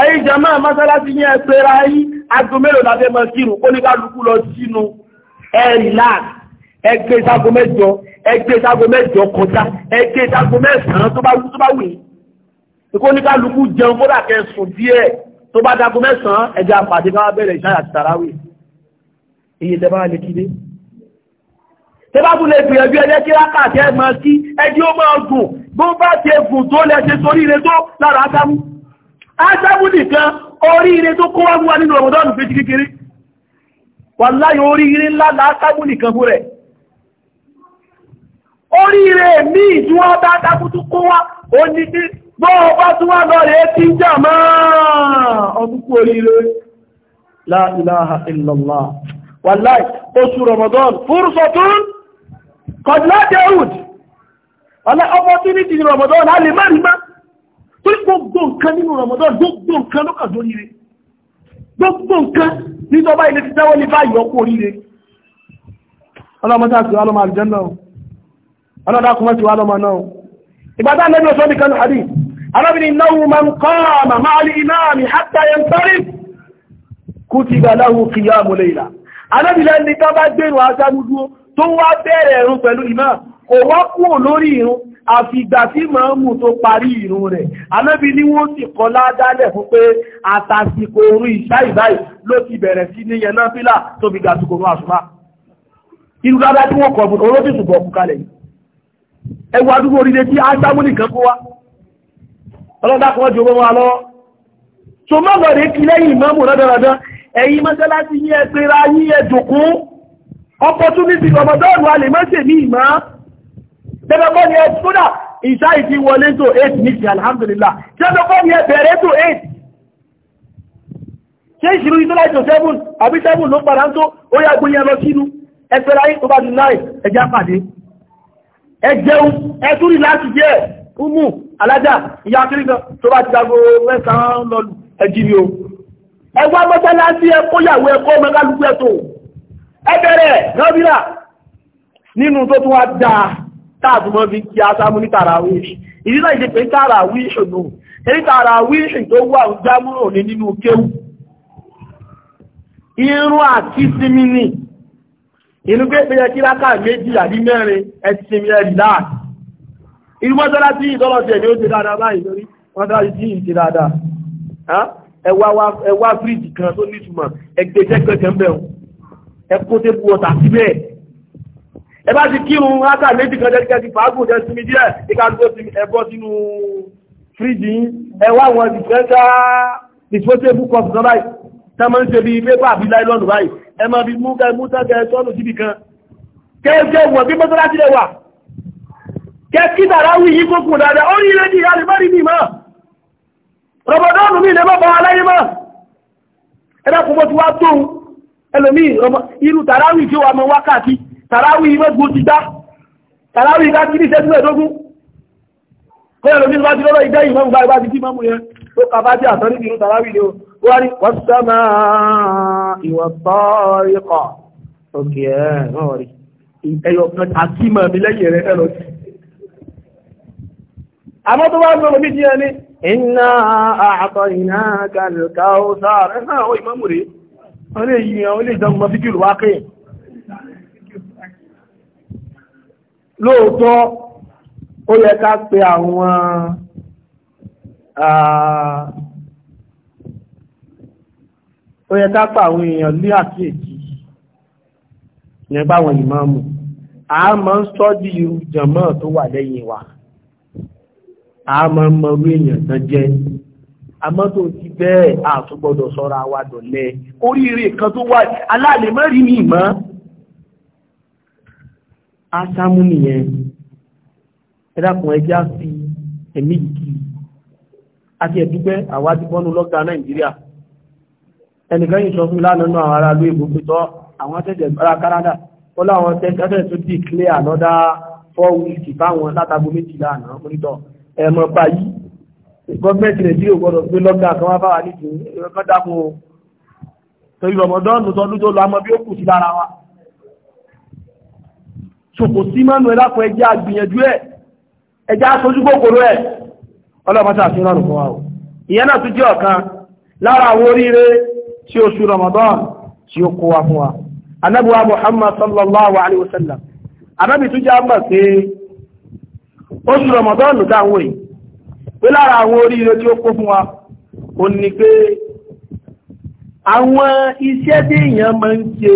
ẹ̀yin jàmá mọ́sálásí ní ẹ̀pẹ̀rẹ̀ ayé aago mélòó la fẹ́ máa kírun ó ní kálukú lọ sínú ẹ̀là ẹgbẹ́ ìsago mẹ́jọ ẹgbẹ́ ìsago mẹ́jọ kọjá ẹgbẹ́ ìsago mẹ́sàn-án tó bá wù tó bá wù yìí ìkó ní kálukú jẹun kódà kẹsùn díẹ̀ tó bá dago mẹ́sàn-án ẹ̀jẹ̀ àpàdé ká bẹ̀rẹ̀ ìṣáyà àti tàràwì èyí tẹ́ bá lè kílé tó bá tún lè gbìyànjú ẹjẹ́ kí rákàtí ẹ máa kí ẹjí ó máa gùn bó bá ti gùn tó lẹ́ṣe sórí ire tó lára ásámú ásámú nìkan orí ire tó kó wá wá nínú ọmọdọ́nù fèjì kékeré wàláyé orí ire ńlá lásámú nìkan fún rẹ̀ orí ire mí tí wọ́n oṣù Ramadan fúrúsọ̀tún kọ̀dùlá dawood ọ̀lá opportunity ní ramadan a lè má rí má tó gbogbo nǹkan nínú ramadan gbogbo nǹkan ló kà lórí rẹ̀ gbogbo nǹkan nítọ́bá ilé ti dáwọ́ ní báyìí ọkọ̀ oríire ọlọ́mọdá ti wá lọ́mọ àlùjẹ́ náà ọlọ́dá kùnmọ́ ti wá lọ́mọ náà ìgbàdá lẹ́bí ọ̀ṣọ́ nìkan ní hadith arábìnrin ma ń kọ́ hatta yansarif kutiba lahu qiyamul layla arábìnrin ní tọ́ bá gbèrò aṣáájú tó wá bẹ̀rẹ̀ ìrun pẹ̀lú imam kò wá kúrò lórí ìrun àfìgbà tí màámù tó parí ìrun rẹ̀ anábi ni wọ́n sì kọ́ ládálẹ̀ fún pé àtàsìkò orú ìṣá ìbáyìí ló ti bẹ̀rẹ̀ sí ní yẹn náfílà tó fi gàtùkò rún àṣùmá irú dáadáa tí wọ́n kọ̀ bùn oró sì sùbọ̀ kú kalẹ̀ ẹwà àdúgbò orílẹ̀ tí ásámú nìkan kó opportunity ramadan wa lè mọ́sẹ̀ ní ìmá tẹ́lẹ̀kọ́ ni ẹ kódà ìṣá ìdí wọlé tó 8 nìtì alhamdulillah tẹ́lẹ̀kọ́ ni ẹ bẹ̀rẹ̀ tó 8 ṣe ìṣirú ìtọ́lá ìtò 7 àbí 7 ló padà ń tó ó yà gbóyẹ lọ sínú ẹgbẹ̀rẹ̀ ayé tó bá di láì ẹjá pàdé ẹ jẹun ẹ tún rí umu alájà ìyá akérìkan tó bá ti dago mẹ́sàn-án lọlù ẹjì ni o ẹgbẹ́ mọ́tẹ́lá sí ẹgbẹ̀rẹ̀ nọ́bílà nínú tó tún wá dáa táàtùmọ́ bí kí a sámú ní tàràwí ìdínà ìdí pé tàràwí ìṣòdò èyí tàràwí ìṣìn tó wà ń jámúrò ní nínú kéwù irun àti sinmi ni inú pé pé yẹ kí láká méjì àbí mẹ́rin ẹ̀sìn ẹ̀rì láà inú mọ́sálá tí ìdọ́lọ́sí ẹ̀mí ó ti dáadáa báyìí ẹwà fíríjì kan tó nítumọ̀ ẹgbẹ̀tẹ́gbẹ̀tẹ̀ ń bẹ̀rún ẹkó tẹ́ bu ọ̀tà síbẹ̀ ẹ bá ti kírun áta méjì kan jẹ́ ti fàágùn jẹ́ sinmi díẹ̀ ìka tó ti ẹbọ́ sínú fíríjì ẹ wá àwọn dìfẹ́ńtà disposable cup kan báyìí tá máa ń ṣe bíi pépà àbí láìlọ́nù báyìí ẹ máa fi mú ká mú sákẹ sọ́nù síbì kan kẹ́ẹ̀kẹ́ wọ̀n bí mọ́sálásí lẹ̀ wà kẹ́ẹ̀kí tàràwì yí kókùn dáadáa ó rí ilé ní alìbárí ní ìmá rọ̀bọ̀dọ́nù ní ilẹ̀ mọ́bọ̀ aláyé mọ́ ẹ̀dàkùn mọ́ ti wá tóun ẹlòmí irú tàráwì tí ó wà mọ́ wákàtí tàráwì mẹ́gbò ti dá tàráwì bá ti ní ṣẹ́jú ẹ̀dógún kó ẹlòmí bá ti lọ́rọ̀ ìdẹ́ àmọ́ tó wá ń lọ́rọ̀ bí jí ẹni iná àtọ̀ ìná kàlùkà ó sáà náà ó ìmọ̀mù rèé ọlé ìyàn olè ìjọgbọ́n fíkìlù wákè lóòótọ́ ó yẹ ká pe àwọn ó yẹ ká pa àwọn èèyàn ní àkíyèsí yẹn báwọn ìmáàmù a máa ń sọ́dí irú jàmáà tó wà lẹ́yìn wa a máa ń orí èèyàn tán jẹ́ àmọ́ tó ti bẹ́ẹ̀ àtúgbọ́dọ̀ sọ́ra wa dọ̀lẹ́ oríire kan tó wà aláàlèmọ́rí ní ìmọ́ ásámú nìyẹn ẹ̀dàkùn ẹjá sí ẹ̀mí ìkí àti ẹ̀dúgbẹ́ àwádìí bọ́nú lọ́gá Nàìjíríà ẹnìkan yìí sọ fún lánàá náà ara ló ìbò pẹ̀tọ́ àwọn tẹ́jẹ̀ ara Canada wọ́n láwọn tẹ́jẹ̀ tó declare another four weeks ìbáwọn látago méjìlá àná onítọ̀ ẹ̀mọ̀ báyìí gọ́ọ̀mẹ́ntì rẹ̀ bí gbé lọ́gbà kan wá báwa nìkú ẹ̀kọ́ dáko torí rọmọdọ́ọ̀nù tọdún tó lọ amọ bí ó kù sí lára wa ṣòkò sí mọ́nù ẹ lápò ẹjẹ́ àgbìyànjú ẹ̀ ẹjẹ́ aṣojú fún wa o ìyẹn náà tún lára àwọn oríire tí tí o kó wa fún wa Muhammad sallallahu tún pé pé lára àwọn oríire tí ó kó fún wa ó ní pé àwọn iṣẹ́ tí èèyàn máa ń ṣe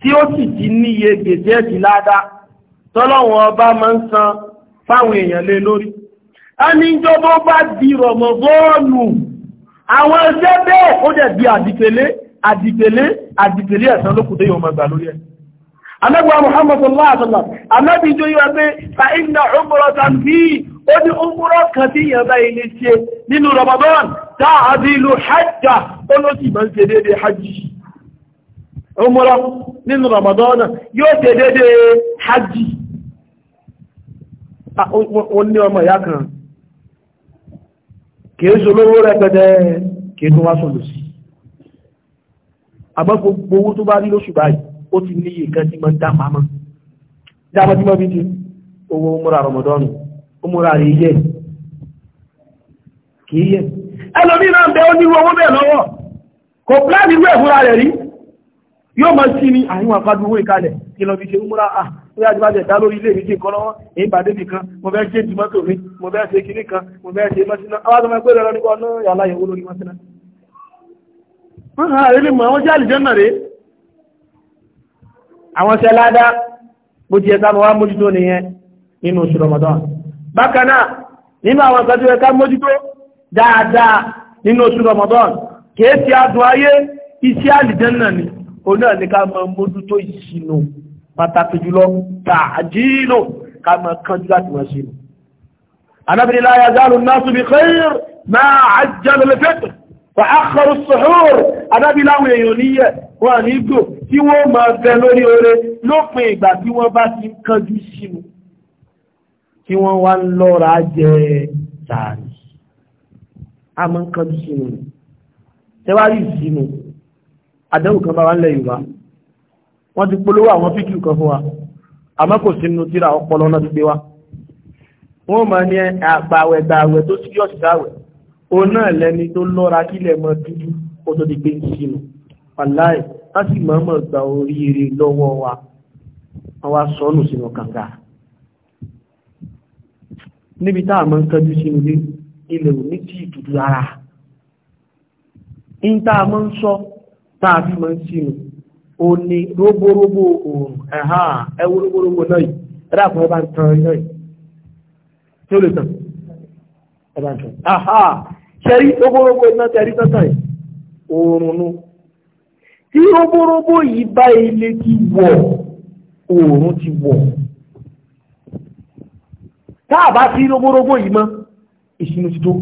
tí ó sì ti níye gbèsè ẹ̀sìn ládá tọ́lọ́wọ́n ọba máa ń san fáwọn èèyàn lé lórí ẹni ìjọba bá di rọ̀mọ̀bọ́ọ̀lù àwọn iṣẹ́ bẹ́ẹ̀ ó dẹ̀ di àdìpẹ̀lẹ́ àdìpẹ̀lẹ́ àdìpẹ̀lẹ́ ẹ̀san lókùté yóò máa gbà lórí ẹ̀ anábíwá Muhammad sallallahu alaihi wasallam anábí jó yíwa pé ta iná ọmọrọ tàbí ó ní ọmọrọ kan tí yàbá ilé ṣe nínú Ramadan tá àbílù hajjá ó ló sì máa ń ṣe dédé hajji ọmọrọ nínú Ramadan yóò ṣe dédé hajji ó ní ọmọ ìyá kan kìí ṣe olówó rẹpẹtẹ kìí tún wá sọ̀lọ̀ sí ó ti ní iye kan tí mo ń dá pamọ́ dábọ́ tí mo fi di owó múra rọmọdọ́nù ó múra rẹ̀ yẹ kì í yẹ ẹlòmí náà bẹ ó ní owó bẹ́ẹ̀ lọ́wọ́ kò pláàni ìwé ìfúra rẹ̀ rí yóò máa sí ni àyíwọ̀n àfádúwó ìkalẹ̀ kí lọ fi ṣe múra à ah, bóyá ti bá dá lórí ilé mi kí n kọ́ lọ́wọ́ èyí bàdé bì kan mo fẹ́ ṣe jù mọ́tò mi mo fẹ́ ṣe kinní kan mo fẹ́ ṣe mọ́síná àwọn àtọmọ ẹgbẹ́ rẹ̀ lọ nípa ọ̀nà yàrá yẹ̀wò lórí mọ́síná. wọ́n hàn àrílẹ̀ mọ́ àwọn jẹ́ àlìjẹ́ náà rèé àwọn ṣe ládá bó ti ẹ̀ká wọ́n mójútó nìyẹn nínú oṣù Ramadan bákan náà nínú àwọn nǹkan tó ẹ̀ká mójútó dáadáa nínú oṣù Ramadan kèéfì adùn ayé iṣẹ́ àlìjẹ́nà ni òun náà ní ká máa mójútó ìṣìnà pàtàkì jùlọ tààjílò ká máa kánjú láti máa ṣe anábìrin la yazalu an-nasu bi khair ma ajjalu al-fitr fa akhkharu anábìrin láwọn èèyàn níyẹ̀ wọ́n ní gbò tí wọ́n máa bẹ lórí oore lópin ìgbà tí wọ́n bá ti ń kánjú sínú tí wọ́n wá ń lọ́ra jẹ sàárì a máa ń kánjú sínú rẹ̀ tẹ́wárí ìsínú àdéhùn kan bá wá ń lẹ̀ yorùbá wọ́n ti polówó àwọn fíkì kan fún wa àmọ́ kò sínú tíra ọpọlọ náà ti gbé wa wọ́n máa ní àgbàwẹ̀ gbàwẹ̀ tó sí yọ̀ọ̀sì dáwẹ̀ òun náà lẹni tó lọ́ra kílẹ̀ mọ́ dúdú ó tó di pé ń sínú wàláì a sì mọ̀ọ́mọ̀ gba oríire lọ́wọ́ wa àwa sọnù sínú kànga níbi tá a máa ń kánjú sínú ilé ilẹ̀ ò ní tí ìdúdú ara ń tá a máa ń sọ tá a fi máa ń sínú ó ní róbóróbó òòrùn ẹ̀há ẹwú róbóróbó náà yìí ẹ̀dá kan ẹ ń tan iná yìí tí ó lè tàn ẹ bá ń tan. ṣe rí tẹ̀rí tán yìí òòrùn nu tí robóróbó yìí bá ilé ti wọ̀ oòrùn ti wọ̀ táà bá sí robóróbó yìí mọ́ ìsinú ti tó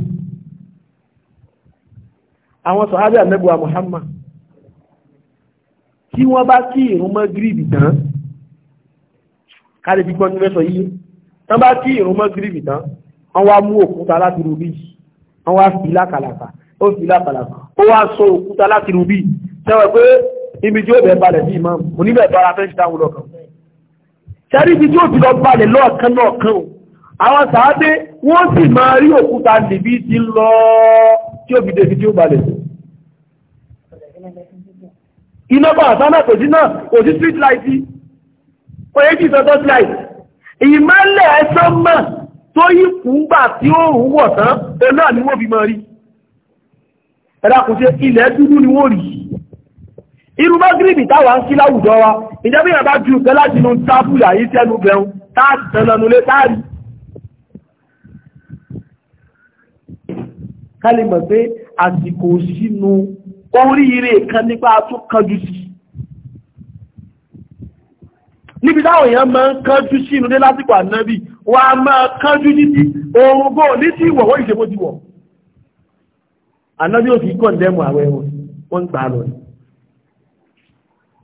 àwọn sọ̀hábí àmẹ́gbà Muhammad tí wọ́n bá kí ìrún mọ́ gírìbì tán káàdì gbígbọ́n ní mẹ́sọ̀ yìí tán bá kí ìrún mọ́ gírìbì tán wọ́n wá mú òkúta láti rubí wọ́n wá fi lákàlàkà ó fi lákàlàkà ó wá sọ òkúta láti rubí tẹ́wọ̀ pé ibi tí ó bẹ̀ balẹ̀ bí imam oníbẹ̀ bára fẹ́ ṣe dáhùn lọ́kàn ṣẹ́rí ibi tí ó ti lọ balẹ̀ lọ́ọ̀kan lọ́ọ̀kan àwọn sàádé wọ́n sì máa rí òkúta níbi tí ń lọ tí ó fi débi tí ó balẹ̀ iná bá àsánà kò sí náà kò sí street light oyé jì sọ́tọ́ light ìmọ́lẹ̀ ẹ̀sán mọ̀ tó yí fúngbà tí ó rùn wọ̀ tán ẹ̀ náà ni wọ́n fi máa rí ẹ̀dàkùnṣe ilẹ̀ dúdú ni wọ́n rí yìí irú mọ́gírìbì táwà ń sí láwùjọ wa ìjẹ́bí yàn bá ju ìpẹ́ láti inú tábùlà yìí tẹ́nu bẹ̀rún táàdì tẹ́lẹ̀nulé táàrí kálí mọ̀ pé àsìkò sínú oríire kan nípa tó kanjú sí níbi táwọn èèyàn máa ń kanjú sí inú dé lásìkò ànábì wọ́n a máa kanjú títí oòrùn bò ní tí ìwọ̀ wọ́n ìṣẹ́bó ti ànábì ò fi kọ̀ndẹ́mù àwẹ̀ wọn gbà lọ́rẹ̀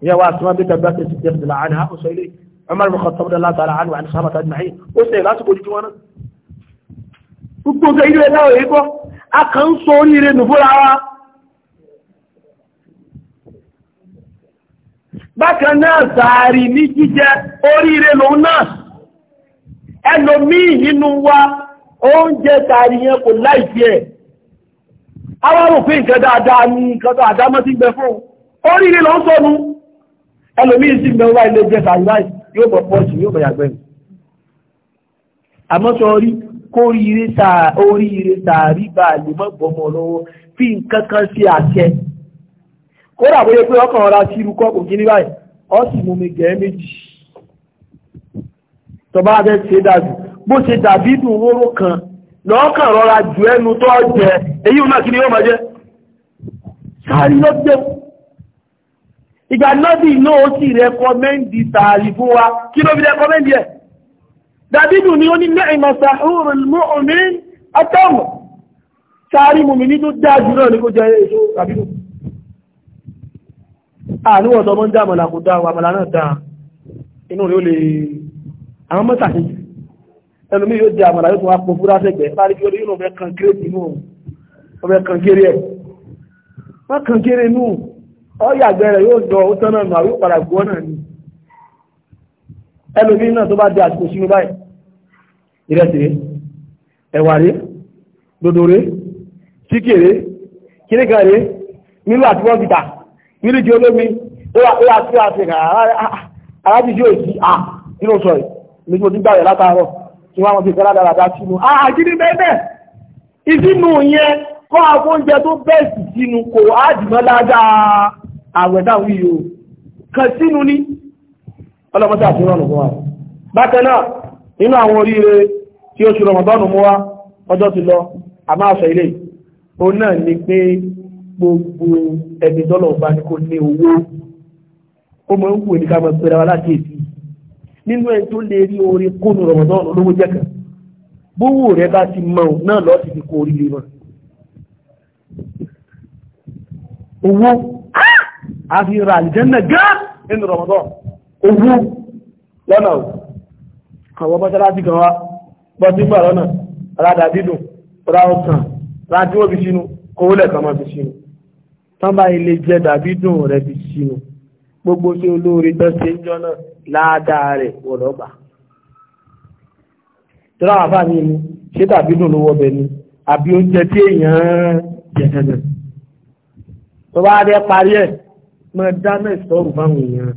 يا واسمه asma bí tàbí àti ìsìnkú ìsìnkú àná ó sọ ilé Umar bin Khattab dala tààrà àná wà ní sábà tàbí nàáyé ó sẹ lásìkò ojú wọn náà. gbogbo nǹkan ilé ẹ̀dá òye kọ́ a kàn ń sọ oríire nù fúnra wa. bákan náà sàárì ní jíjẹ oríire lòun náà ẹlòmíì nínú wa oúnjẹ sàárì yẹn kò láì ẹ̀ awárò pé nǹkan dáadáa ní nǹkan tó àdámọ́ sí gbẹ fún oríire lòun sọnù ẹlòmíì sì mẹ́ wá ilé jẹ́ fàyíwá yóò mọ̀ pọ́ọ̀sì yóò mọ̀ yàgbẹ́ mi. àmọ́ sọ rí kó oríire sáà oríire sáà rí bá a lè mọ́ gbọ́mọ lọ́wọ́ fi nǹkan kan sí àṣẹ. kódà bóyá pé ọkàn ọ̀ra sí irú kọ́ọ̀kù kí ní báyìí ọ́ sì mú mi gẹ̀ẹ́ méjì. tọ́ba abẹ́ ṣe dàbí bó ṣe dàbí dùn róró kan lọ́ọ̀kàn rọra jù ẹnu tó jẹ èyí náà kí ni yóò máa jẹ. sáré lọ́gbẹ̀ẹ́ ìgbà nọ́bì náà ó sì rẹ́kọ́mẹ́ndì tààrí fún wa kí ló fi rẹ́kọ́mẹ́ndì ẹ̀ dàbídù ni ó ní ni'ma sahurul mu'min atamu tààrí mùmí ní tó dájú náà ní kó jẹ èso dàbídù àníwọ̀ tọmọ ń dáàmọ̀lá kò dáa wà mọ̀lá náà dáa inú rí ó lè àwọn mọ́ta ní ẹnu mi yóò jẹ àmàlà yóò tún wá pọ̀ fúra sẹ́gbẹ̀ẹ́ bá rí kí ó rí inú kéré inú ọbẹ̀ kan kéré ẹ̀ ọ̀yàgbẹ́ rẹ̀ yóò dọ̀ ó tán náà nù àwọn ìpàdà gbọ́ náà ni ẹlòmí náà tó bá di àsìkò sínú báyìí ìrẹsì ẹ̀wà rẹ̀ dòdò rẹ̀ síkè rẹ̀ kíníkà rẹ̀ nílò àti wọ́n fìtà nílò tí olómi ó wà sí àfihàn aráàbí tí ó yí à nínú sọ yìí nígbà tí gbàgbé látàárọ̀ tí wọ́n fi kọ́lá dára dá sínú àjíní bẹ́ẹ̀ ìsínú yẹn kọ́ àwọn oúnjẹ tó bẹ́ẹ̀ sì sínú kò á dìmọ́ dáadáa àwẹ̀dáwí yóò kan sínú ní ọlọ́mọdé àti rọrùn fún wa bákan náà nínú àwọn oríire tí oṣù rọmọdọ́nù mú wá ọjọ́ ti lọ a máa sọ ilé o náà ni pé gbogbo ẹni dọ́lọ̀ ọba ni kò ní owó ó mọ̀ ń wù ní káàmọ̀ pẹ̀lú wa láti èdè nínú ẹni tó lè rí orin kónú rọmọdọ́nù lówó jẹ́ kan bówó rẹ̀ bá ti mọ̀ náà lọ́ọ́ fi kó oríire mọ̀ owó a fi ra àlìjẹ́nà gán nínú Ramadan owó lọ́nà o àwọn mọ́sálásí kan wá bọ́ sí gbà lọ́nà rádà dídùn ra ọ̀sán ra tí wọ́n fi sínú kówó lẹ́ẹ̀kan máa fi sínú tán bá ilé jẹ́ dàbí dùn rẹ̀ fi sínú gbogbo tí olóore tó ṣe ń jọ́nà ládàá rẹ̀ wọ̀lọ́gbà tọ́lá àbá mi ni ṣé dàbí dùn ló wọ́bẹ̀ ni àbí oúnjẹ tí èèyàn jẹ̀dẹ̀dẹ̀ tó bá dé parí ẹ̀ máa dáná ìsọ̀rù fáwọn èèyàn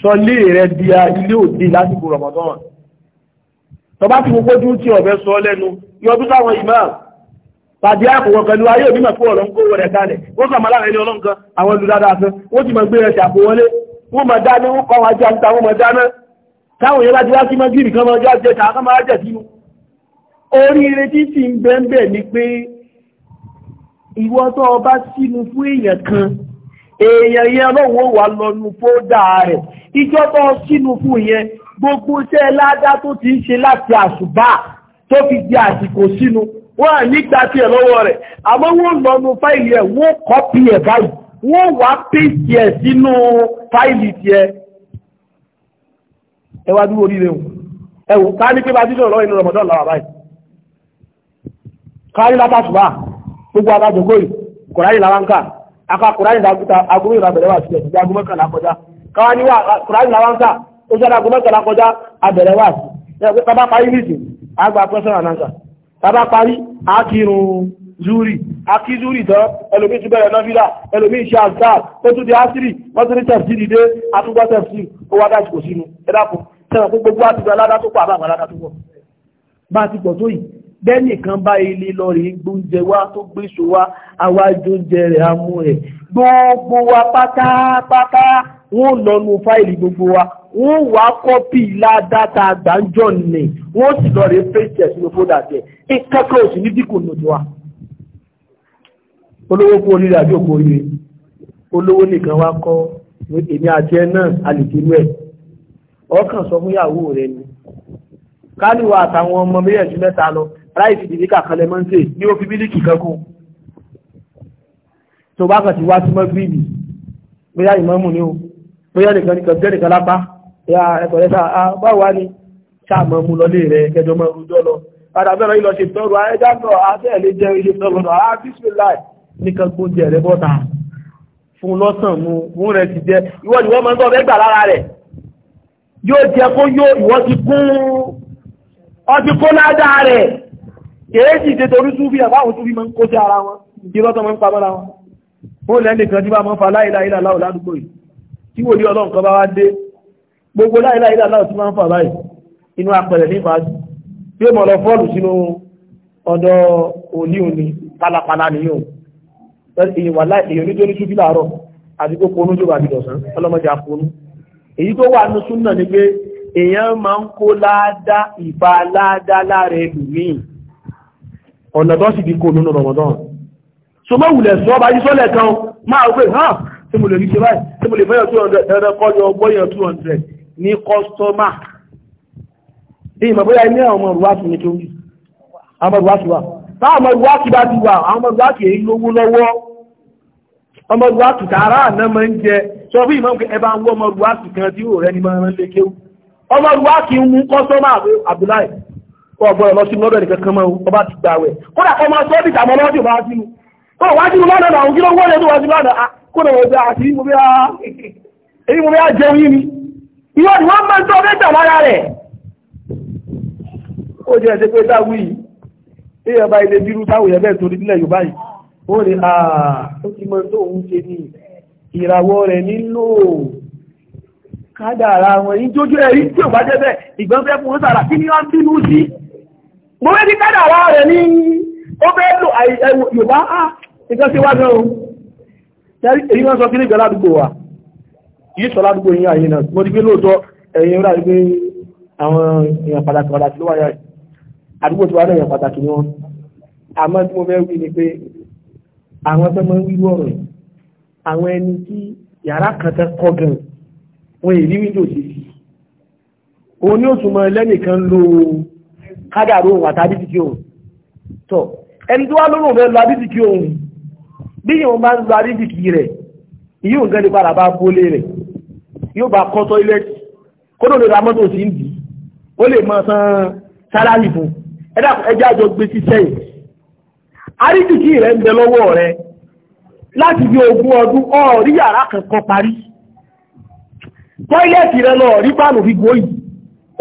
sọlé rẹ di ilé òde lásìkò rọmọdán tọba tí mo gbójú tí ọbẹ sọ lẹ́nu yọdún táwọn imam pàdé àpòwọ̀ pẹ̀lú ayé òbí mẹ́fọ́ ọ̀rọ̀ ń kó wọlé kalẹ̀ wọ́n kà máa lára ẹni ọlọ́nkan àwọn olùdáadáa fẹ́ wọ́n ti máa gbé ẹsẹ̀ àpò wọlé wọ́n máa dáná wọ́n kọ́ wọn ajá níta wọ́n máa dáná táwọn yẹn bá ti wá sí mọ́gìrì kan máa jẹ́ àjẹta kan máa jẹ̀ sínú oríire tí ti ń bẹ́ẹ̀ bẹ́ẹ̀ ni pé ìwọ tó o bá sínú fún èèyàn kan èèyàn yẹn ọlọ́run ó wà lọ́nu fódà rẹ̀ ìjọ tó o sínú fún yẹn gbogbo iṣẹ́ ládá tó ti ń ṣe láti àṣùbà tó fi di àsìkò sínú wọ́n à nígbà tí ẹ̀ lọ́wọ́ rẹ̀ àmọ́ wọ́n lọ́nu fáìlì ẹ̀ wọ́n kọ́pì ẹ̀ báyìí wọ́n wá pèsè ẹ̀ sínú fáìlì tiẹ̀ ẹ wá dúró oríire o ẹ wò ká ní pé bá ti sọ̀rọ̀ lọ́wọ́ inú rọ̀mọ́dọ́ làwà báyìí ká ní látàṣùbà gbogbo adájọ́kó yìí kùránì làwọn kà aká kùránì dàgbùta agogo ìrọ̀bẹ̀rẹ̀ wà sílẹ̀ ìgbà agogo mọ́kànlá kọjá káwá ní wà kùránì làwọn kà ó sọ́dọ̀ agogo mọ́kànlá kọjá abẹ̀rẹ̀ wà sí tábà parí nìsín àgbà pẹ́sọ̀rọ̀ ànáńsà tábà parí àkírun zuri àkí zuri tán ẹlòmí ti bẹ̀rẹ̀ nọ́fílà ẹlòmí iṣẹ́ àgbà ó tún di ásírì wọ́n tún ní tẹ̀sí dìde àtúgbọ́ tẹ̀sí ó wá dásìkò sínú ẹ̀dàpọ̀ sẹ́wọ̀n gbogbo àtúgbọ́ aládàá tó pọ̀ àbáwọn aládàá tó bá a ti pọ̀ tó yìí bẹ́nìkan bá ilé lọ rí gbóúnjẹ wá tó gbéṣò wá awájú oúnjẹ rẹ̀ amú rẹ̀ gbogbo wa pátápátá wọ́n lọ́nu fáìlì gbogbo wa wọ́n wá kọ́pì ládàtà àgbáńjọ́ nì wọ́n sì lọ rí fẹ́ẹ̀tẹ̀ sínú fódà tẹ̀ ìkẹ́kọ̀ọ́ òsì ní dínkù nìjọ wa olówó kú oríire àbí òkú oríire olówó nìkan wá kọ́ èmi àti ẹ náà alìkínú ẹ̀ ọkàn sọ fún ìyàwó rẹ ni káníwá àtàwọn ọmọ méjèèjì mẹ́ta lọ ráìsì bìbí kàkànlẹ̀ mọ́ ń tè ní ó fi bílíkì kankun tó bá kàn ti wá sí mọ́gbìnì bóyá ìmọ̀mù ni ó bóyá nìkan nìkan jẹ́ nìkan lápá ya ẹ̀kọ́ rẹ̀ sáà báwo wá ni sáàmọ́ mú lọlé rẹ̀ kẹjọ mọ́ rújọ́ lọ padà bẹ́rọ ìlọ ṣe tọrọ ẹjá náà àtẹ́ẹ̀lẹ́ jẹ́ ilé tọrọ àá bísmìláì nìkan gbóúnjẹ rẹ̀ bọ́ta fún lọ́sàn mú mú rẹ̀ ti jẹ́ ìwọ ni wọ́n máa ń tọ́ mẹ́gbà lára rẹ̀ yóò jẹ kó yóò ìwọ ti kún ọ ti kó ládàá rẹ̀ kéèjì tẹ torí súfì àbáwọn súfì máa ń kó sí ara wọn irọ́ tó máa ń pamọ́ra wọn ó lẹ́lẹ̀ kan tí bá máa ń fa láìláìlá láò ládùúgbò yìí tí wò ní ọlọ́run kan bá wá dé gbogbo láìláìlá láò tí máa ń fa báyìí inú apẹ̀rẹ̀ ní ìfàájú tí ó mọ̀ lọ fọ́ọ̀lù sínú ọ̀dọ̀ òní òní pálapàla nìyàn èyàn wà láì èyàn nítorí súfì láàárọ̀ àti kó ponú jòbà àti dọ̀sán ọlọ́mọdé ni pé èèyàn máa ń kó láádá ìfà láádá láàrẹ ọ̀nà tó sì di kó lónú Ramadan so mọ́ wùlẹ̀ sọ bá yí sọ́lẹ̀ kan máa wé hàn tí mo lè rí ṣe báyìí tí mo lè fẹ́yàn 200 ẹ̀rẹ́ kọjọ ọgbọ́yàn 200 ní kọ́sọ́mà bí ìmọ̀ bóyá ilé àwọn ọmọ ìwáṣù ní kí ó rí àwọn ìwáṣù wà táwọn ọmọ ìwáṣù bá ti wà àwọn ọmọ ìwáṣù èyí lówó lọ́wọ́ ọmọ ìwáṣù tààrà àná máa ń jẹ sọ bí ìmọ̀ ẹ bá ń wọ ọmọ kan tí ó rẹ ní máa rán lé kéwú ń mú kọ́sọ́mà Abdullahi kọ́ ọgbọ́n lọ sí lọ́dọ̀ nìkan kan mọ́ ọba ti gbà wẹ̀ kódà kọ́ máa sọ́ọ́dì tàbọ̀ lọ́dì wá sínú tó wá sínú lọ́dọ̀ náà kí ló wọ́n lè tó wá sí lọ́dọ̀ ah, kódà wọ́n bẹ àti mo bẹ́ èyí mo bẹ́ á jẹun yìí ni ìwọ ni wọ́n máa ń tọ́ mẹ́ta lára rẹ̀ ó jẹ́ ẹsẹ̀ pé táwù yìí èèyàn bá ilé bírú táwù yẹn bẹ́ẹ̀ torí nílẹ̀ Yorùbá yìí ó ní ah, ó ti mọ tó òun ṣe ní ìràwọ̀ rẹ̀ nílò kádàrà wọn ìjójú ẹ̀rí tí ò bá jẹ́ bẹ́ẹ̀ ìgbọ́n fẹ́ fún ó sàrà kí ni wọ́n bínú sí mo wé ti kádà wá rẹ̀ ní ó fẹ́ lò Yorùbá á ah, nǹkan sí wá gan o èyí wọ́n sọ kíní gbẹ̀lá àdúgbò wa yìí sọ ládùúgbò yín àyè náà mo ti gbé lóòótọ́ ẹ̀yìn rà gbé àwọn èèyàn pàtàkì pàtàkì ló wáyà àdúgbò tí wà náà èèyàn pàtàkì ni wọ́n àmọ́ tí mo fẹ́ wí ni pé àwọn tó máa ń wí lọ́rùn àwọn ẹni tí yàrá kan tẹ́ kọ́ gan wọn èrí wíńdò sí sí òun ni ó tún mọ ẹlẹ́nìkan kádàrú òun àtàdí ti kí òun tọ́ ẹni tó wá lóòrùn rẹ̀ lọ àdíjì kí òun bí yíò máa ń lọ àdíjì kí rẹ̀ yíò nǹkan lè padà bá bólé rẹ̀ yóò bá kọ́ tọ́ílẹ̀tì kódò lè ra mọ́tò sí ń dì ó lè mọ san sálárì fún ẹ̀dá àjọ gbé sí sẹ́yìn àdíjì kí rẹ̀ ń bẹ lọ́wọ́ rẹ̀ láti bí ogún ọdún ọ̀rí yàrá kankan parí tọ́ílẹ̀tì rẹ̀ lọ rí pàánù fi gbóyì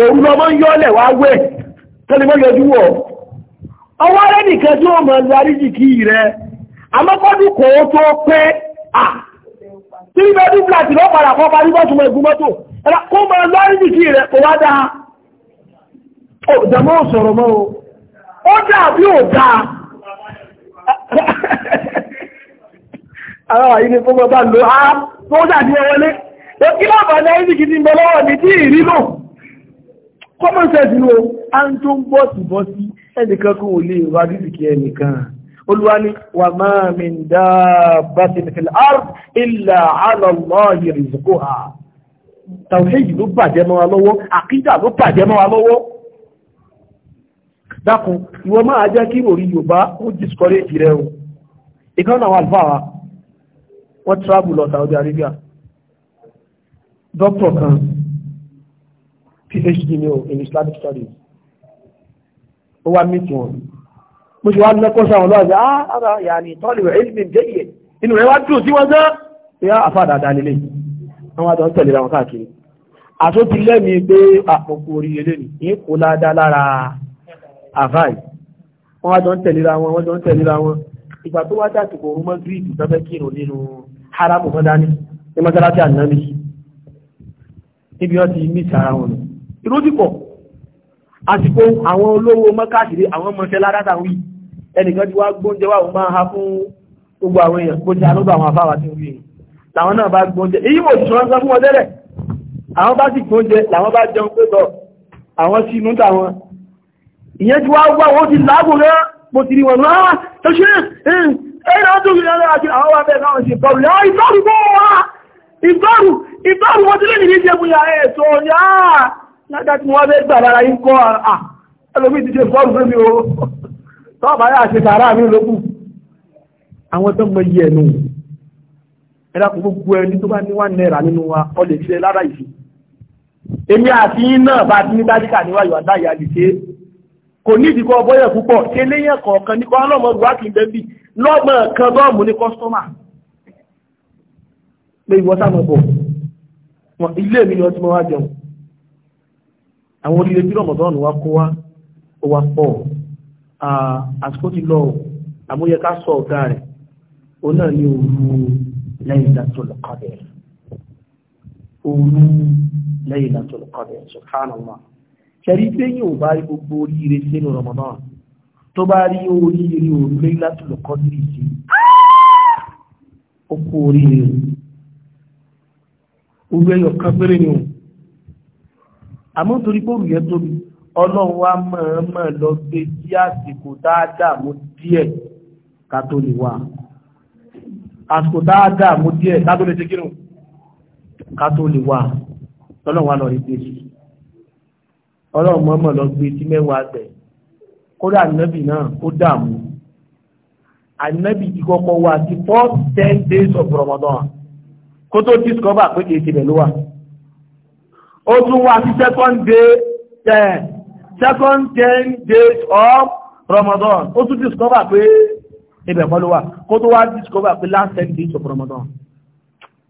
òun lọmọ ń yọ́lẹ̀ wá wẹ̀ tẹ́lẹ̀mọ́ yọjú wọ̀ ọwọ́ rẹ̀ nìkan tí ó mọ̀ lárí jìkì rẹ̀ amọ́kọ́dù kò ó tó pé à tí bẹ́ẹ̀ dú blàtì lọ́ padà kọ́ parí bọ́tù mọ̀ ìgbúmọ́tò ẹ̀rọ kó mọ̀ lárí jìkì rẹ̀ kò wá dáa ó dàmọ́ sọ̀rọ̀ mọ́ o ó dáa bí ó dáa ara wà yìí ni fún bọ́ bá lò á tó dà ní ọwọ́lé ó kí láàbà ní àríjìkì ti ń bẹ lọ́wọ́ ní tí ìrìnà common sense ni o a ń tó ń bọ́ sí bọ́ sí ẹnìkan kò lè wá rírìkì ẹnìkan olúwa ni wà máa mi ń dá bá ti fil ard illa ala Allahi rizquha tawhid ló bàjẹ́ mọ́ wa lọ́wọ́ àkídà ló bàjẹ́ mọ́ wa lọ́wọ́ dákun ìwọ máa jẹ́ kí orí yorùbá ó discourage rẹ o ìkan náà wà lùfàwà wọ́n travel lọ Saudi Arabia doctor kan PhD ni o in Islamic studies ó wá mítì wọn mo ṣe wá lẹ́kọ́ sáwọn lọ́wọ́ ah ara yàní tọ́lù ilmi jẹ́yẹ inú rẹ̀ wá dùn sí wọn sán ìyá àfàdàdà nílé àwọn àtọ́ tẹ̀lé àwọn káàkiri àtúntí lẹ́mìí pé àpòkò oríire ní ìkó ládá lára àfáì wọ́n wá jọ ń tẹ̀léra ah, wọn wọ́n jọ ń tẹ̀léra wọn ìgbà tó wá jáde kò rúmọ́ gíríìdì tọ́fẹ́ kírò nínú haramu kan dání ní mọ́sálásí ànámi ìrójìpọ̀ àsìkò àwọn olówó mọ́kàṣìrí àwọn mọ́ṣẹ́ ládátà wí ẹnìkan ti wá gbóúnjẹ wà wọ́n máa ha fún gbogbo àwọn èèyàn kó ti alóbà àwọn afáwà tí ó rí làwọn náà bá gbóúnjẹ èyí wò ti sọ́nà fún wọn tẹ́lẹ̀ àwọn bá sì gbóúnjẹ làwọn bá jẹun pé tọ àwọn sí inú tàwọn ìyẹn ti wá wá wọ́n ti láàbò rẹ́ mo ti rí wọn nù áwà tó ṣe ẹ̀rọ tó rí àti àwọn wà bẹ́ẹ̀ ládá tí wọ́n bẹ́ gbà lára yí kọ́ à ẹlòmí ti ṣe fọ́ọ̀rù fún mi o tọ́ọ̀bá yà ṣe tààrà mi lókù àwọn tó mọ iye ẹ̀nu ẹ̀dàkùn gbogbo ẹni tó bá ní wà náírà nínú wa ọ lè ṣe lára ìṣe èmi àti yín náà bá ti ní dájíkà níwájú àdáyà lè ṣe kò ní ìdíkọ́ bọ́yẹ̀ púpọ̀ ṣe léyìn kọ̀ọ̀kan ní kọ́ ọlọ́mọ ìwà kan ní kọ́sítọ́mà pé ìwọ sáà bọ̀ ilé mi ni wọ́n mọ́ wá jẹun àwọn oríire tí rọmọdọ́nù wa kó wá ó wá pọ̀ àsìkò ti lọ àmúyẹ ká sọ ọ̀gá rẹ̀ ó náà ní òru Laylatul Qadr òru Laylatul Qadr subhanallah kẹrí pé yìí ò bá rí gbogbo oríire sínú rọmọdọ́nù tó bá rí oríire òru Laylatul Qadr sí ó kú oríire òru ẹyọ kan péré ni òun àmọ́ torí pòrù yẹn tóbi ọlọ́run wa mọ̀ọ́mọ̀ lọ gbé sí àsìkò dáadáa mú díẹ̀ ká tó lè wà àsìkò dáadáa mú díẹ̀ ká tó lè ṣe kírun ká tó lè wà lọ́lọ́run wa lọ rí gbé sí ọlọ́run mọ̀ọ́mọ̀ lọ gbé sí mẹ́wàá gbẹ̀ kódà nẹ́bì náà ó dààmú ànábì ti kọ́kọ́ wá sí four ten days of Ramadan kó tó discover pé kìí ṣe bẹ̀ ló wà ó tún wá sí second day ten eh, second ten days of Ramadan ó tún discover pé ibẹ̀ kọ́ ló wà kó tó wá discover pé last ten days of Ramadan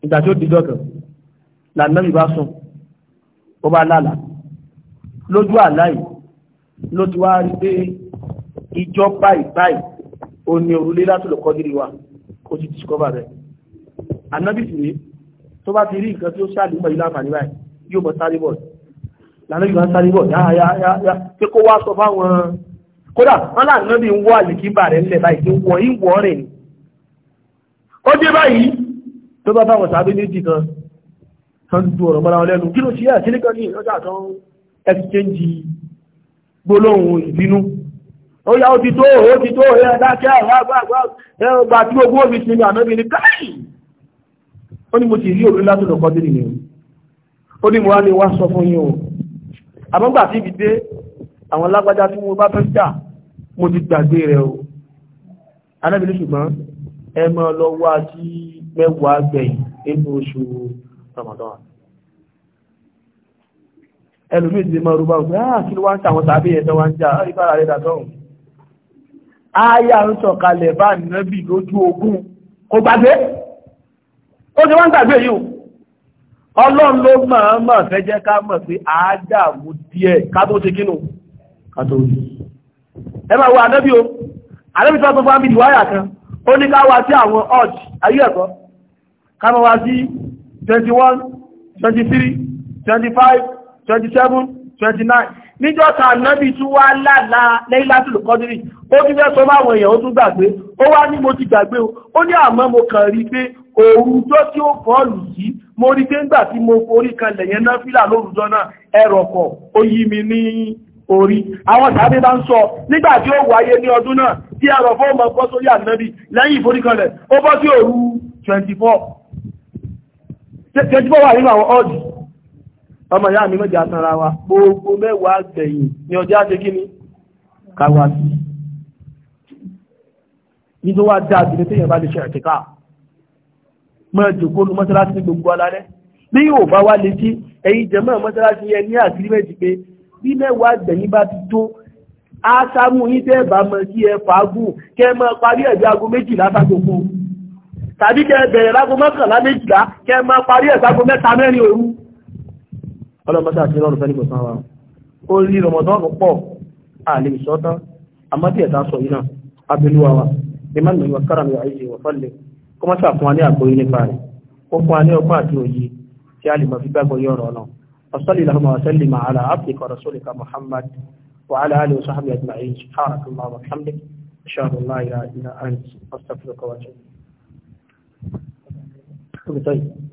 ìgbà tí ó di dọ́kẹ̀ lànà ìbá sùn ó bá lálàá lójú àláì ló ti wá rí pé ìjọ báyìí báyìí ó ní òrùlé látòlò kọ́dírí wa ó ti discover rẹ̀ anábìsì rèé tó bá ti rí nǹkan tí ó ṣàlùmọ̀ ìlànà àníbáyìí yóò mọ̀ sáré bọ̀ lànà yóò sáré bọ̀ yáyáyá pé kó wá sọ fáwọn kódà wọn là náà bí ń wọ àlìkíbà rẹ̀ ńlẹ̀ báyìí ń wọ ìwọ rẹ̀ ni ó dé báyìí tó bá báwọn sàbí méjì kan tó ń du ọ̀rọ̀ mọ́ra wọn lẹ́nu kí ló ṣe àti nìkan ní ìrọ́jà tó ń exchange gbólóhùn ìbínú ó yá ó ti tó ó ti tó ẹ dákẹ́ àwọn àgbààgbà ẹ gbà tí gbogbo omi sinmi ànábi ni káì ó ní mo ti rí òrùlá tó lọ́kọ́ dé nìyẹn ó ní mo wá lè wá sọ fún yín o àmọ́gbà tí ibi dé àwọn lágbájá tí mo bá fẹ́ jà mo ti gbàgbé rẹ̀ o anábìlì ṣùgbọ́n ẹ máa lọ wá sí mẹ́wàá gbẹ̀yìn nínú oṣù Ramadan ẹlòmíì ti máa rúbá òfin ah kí ló wá ń tàwọn tàbí ẹ̀dọ́ wá ń jà á rí bára rẹ̀ dàtọ́hùn áyà ń sọ̀kalẹ̀ bá nìyẹn bì lójú ogun kò gbàgbé ó ti wá ń gbàgbé yìí o ọlọ́run ló máa mọ̀ fẹ́ jẹ́ ká mọ̀ pé àádáàmú díẹ̀ ká tó kínú ká rí ẹ wo ànábì o ànábì tó fún fámìlì wáyà kan ó ní ká wá sí àwọn ọ̀j ayé ẹ̀kọ́ ká máa wá sí 21 23 25 27 29 níjọ́ ta ànábì tún wá lálá lẹ́yìn láti lò kọ́dírì ó tún fẹ́ sọ máwọn èèyàn ó tún gbàgbé ó wá ní mo ti gbàgbé o ó ní àmọ́ mo kàn rí pé òrùjọ́ tí ó fọ́ọ̀lù sí mo rí pé ńgbà tí mo forí kanlẹ̀ yẹn náà fílà lórújọ́ náà ẹ̀rọ̀pọ̀ ó yí mi ní orí àwọn tàbí bá ń sọ nígbà tí ó wáyé ní ọdún náà tí ẹ̀rọ̀pọ̀ mọ̀ sórí lẹ́yìn ìforí 24 wa wà nínú àwọn ọmọ ìyá mi mẹ́jọ àtàrà wa gbogbo mẹ́wàá gbẹ̀yìn ni ọjọ́ àti kí ni sí nítorí wá tí mọ́ jòkónú mọ́sálásí gbogbo alálẹ́ bí yóò bá wá lè sí ẹ̀yin jẹ̀mọ́ mọ́sálásí yẹn ní àgírímẹ̀tì pé bí mẹ́wàá gbẹ̀yìn bá ti tó ásámú yín tẹ́ bá mọ̀ sí ẹ fàágùn kẹ́ mọ́ parí ẹ̀bí aago méjìlá ságbogbo tàbí kẹ́ bẹ̀rẹ̀ lágo mọ́kànlá méjìlá kẹ́ mọ́ parí ẹ̀ ságo mẹ́ta mẹ́rin òru ọlọ́mọsáàtì wa ó rí wa ìmọ̀ kó mọ́ sàfún wa ní àgbóyé nípa rẹ̀ ó fún wa ní ọgbọ́n àti òye tí a lè mọ̀ fi gbàgbọ́ yọ ọ̀rọ̀ náà وصلي اللهم وسلم على عبدك ورسولك محمد وعلى اله وصحبه اجمعين سبحانك اللهم وبحمدك اشهد ان لا اله الا انت استغفرك واتوب اليك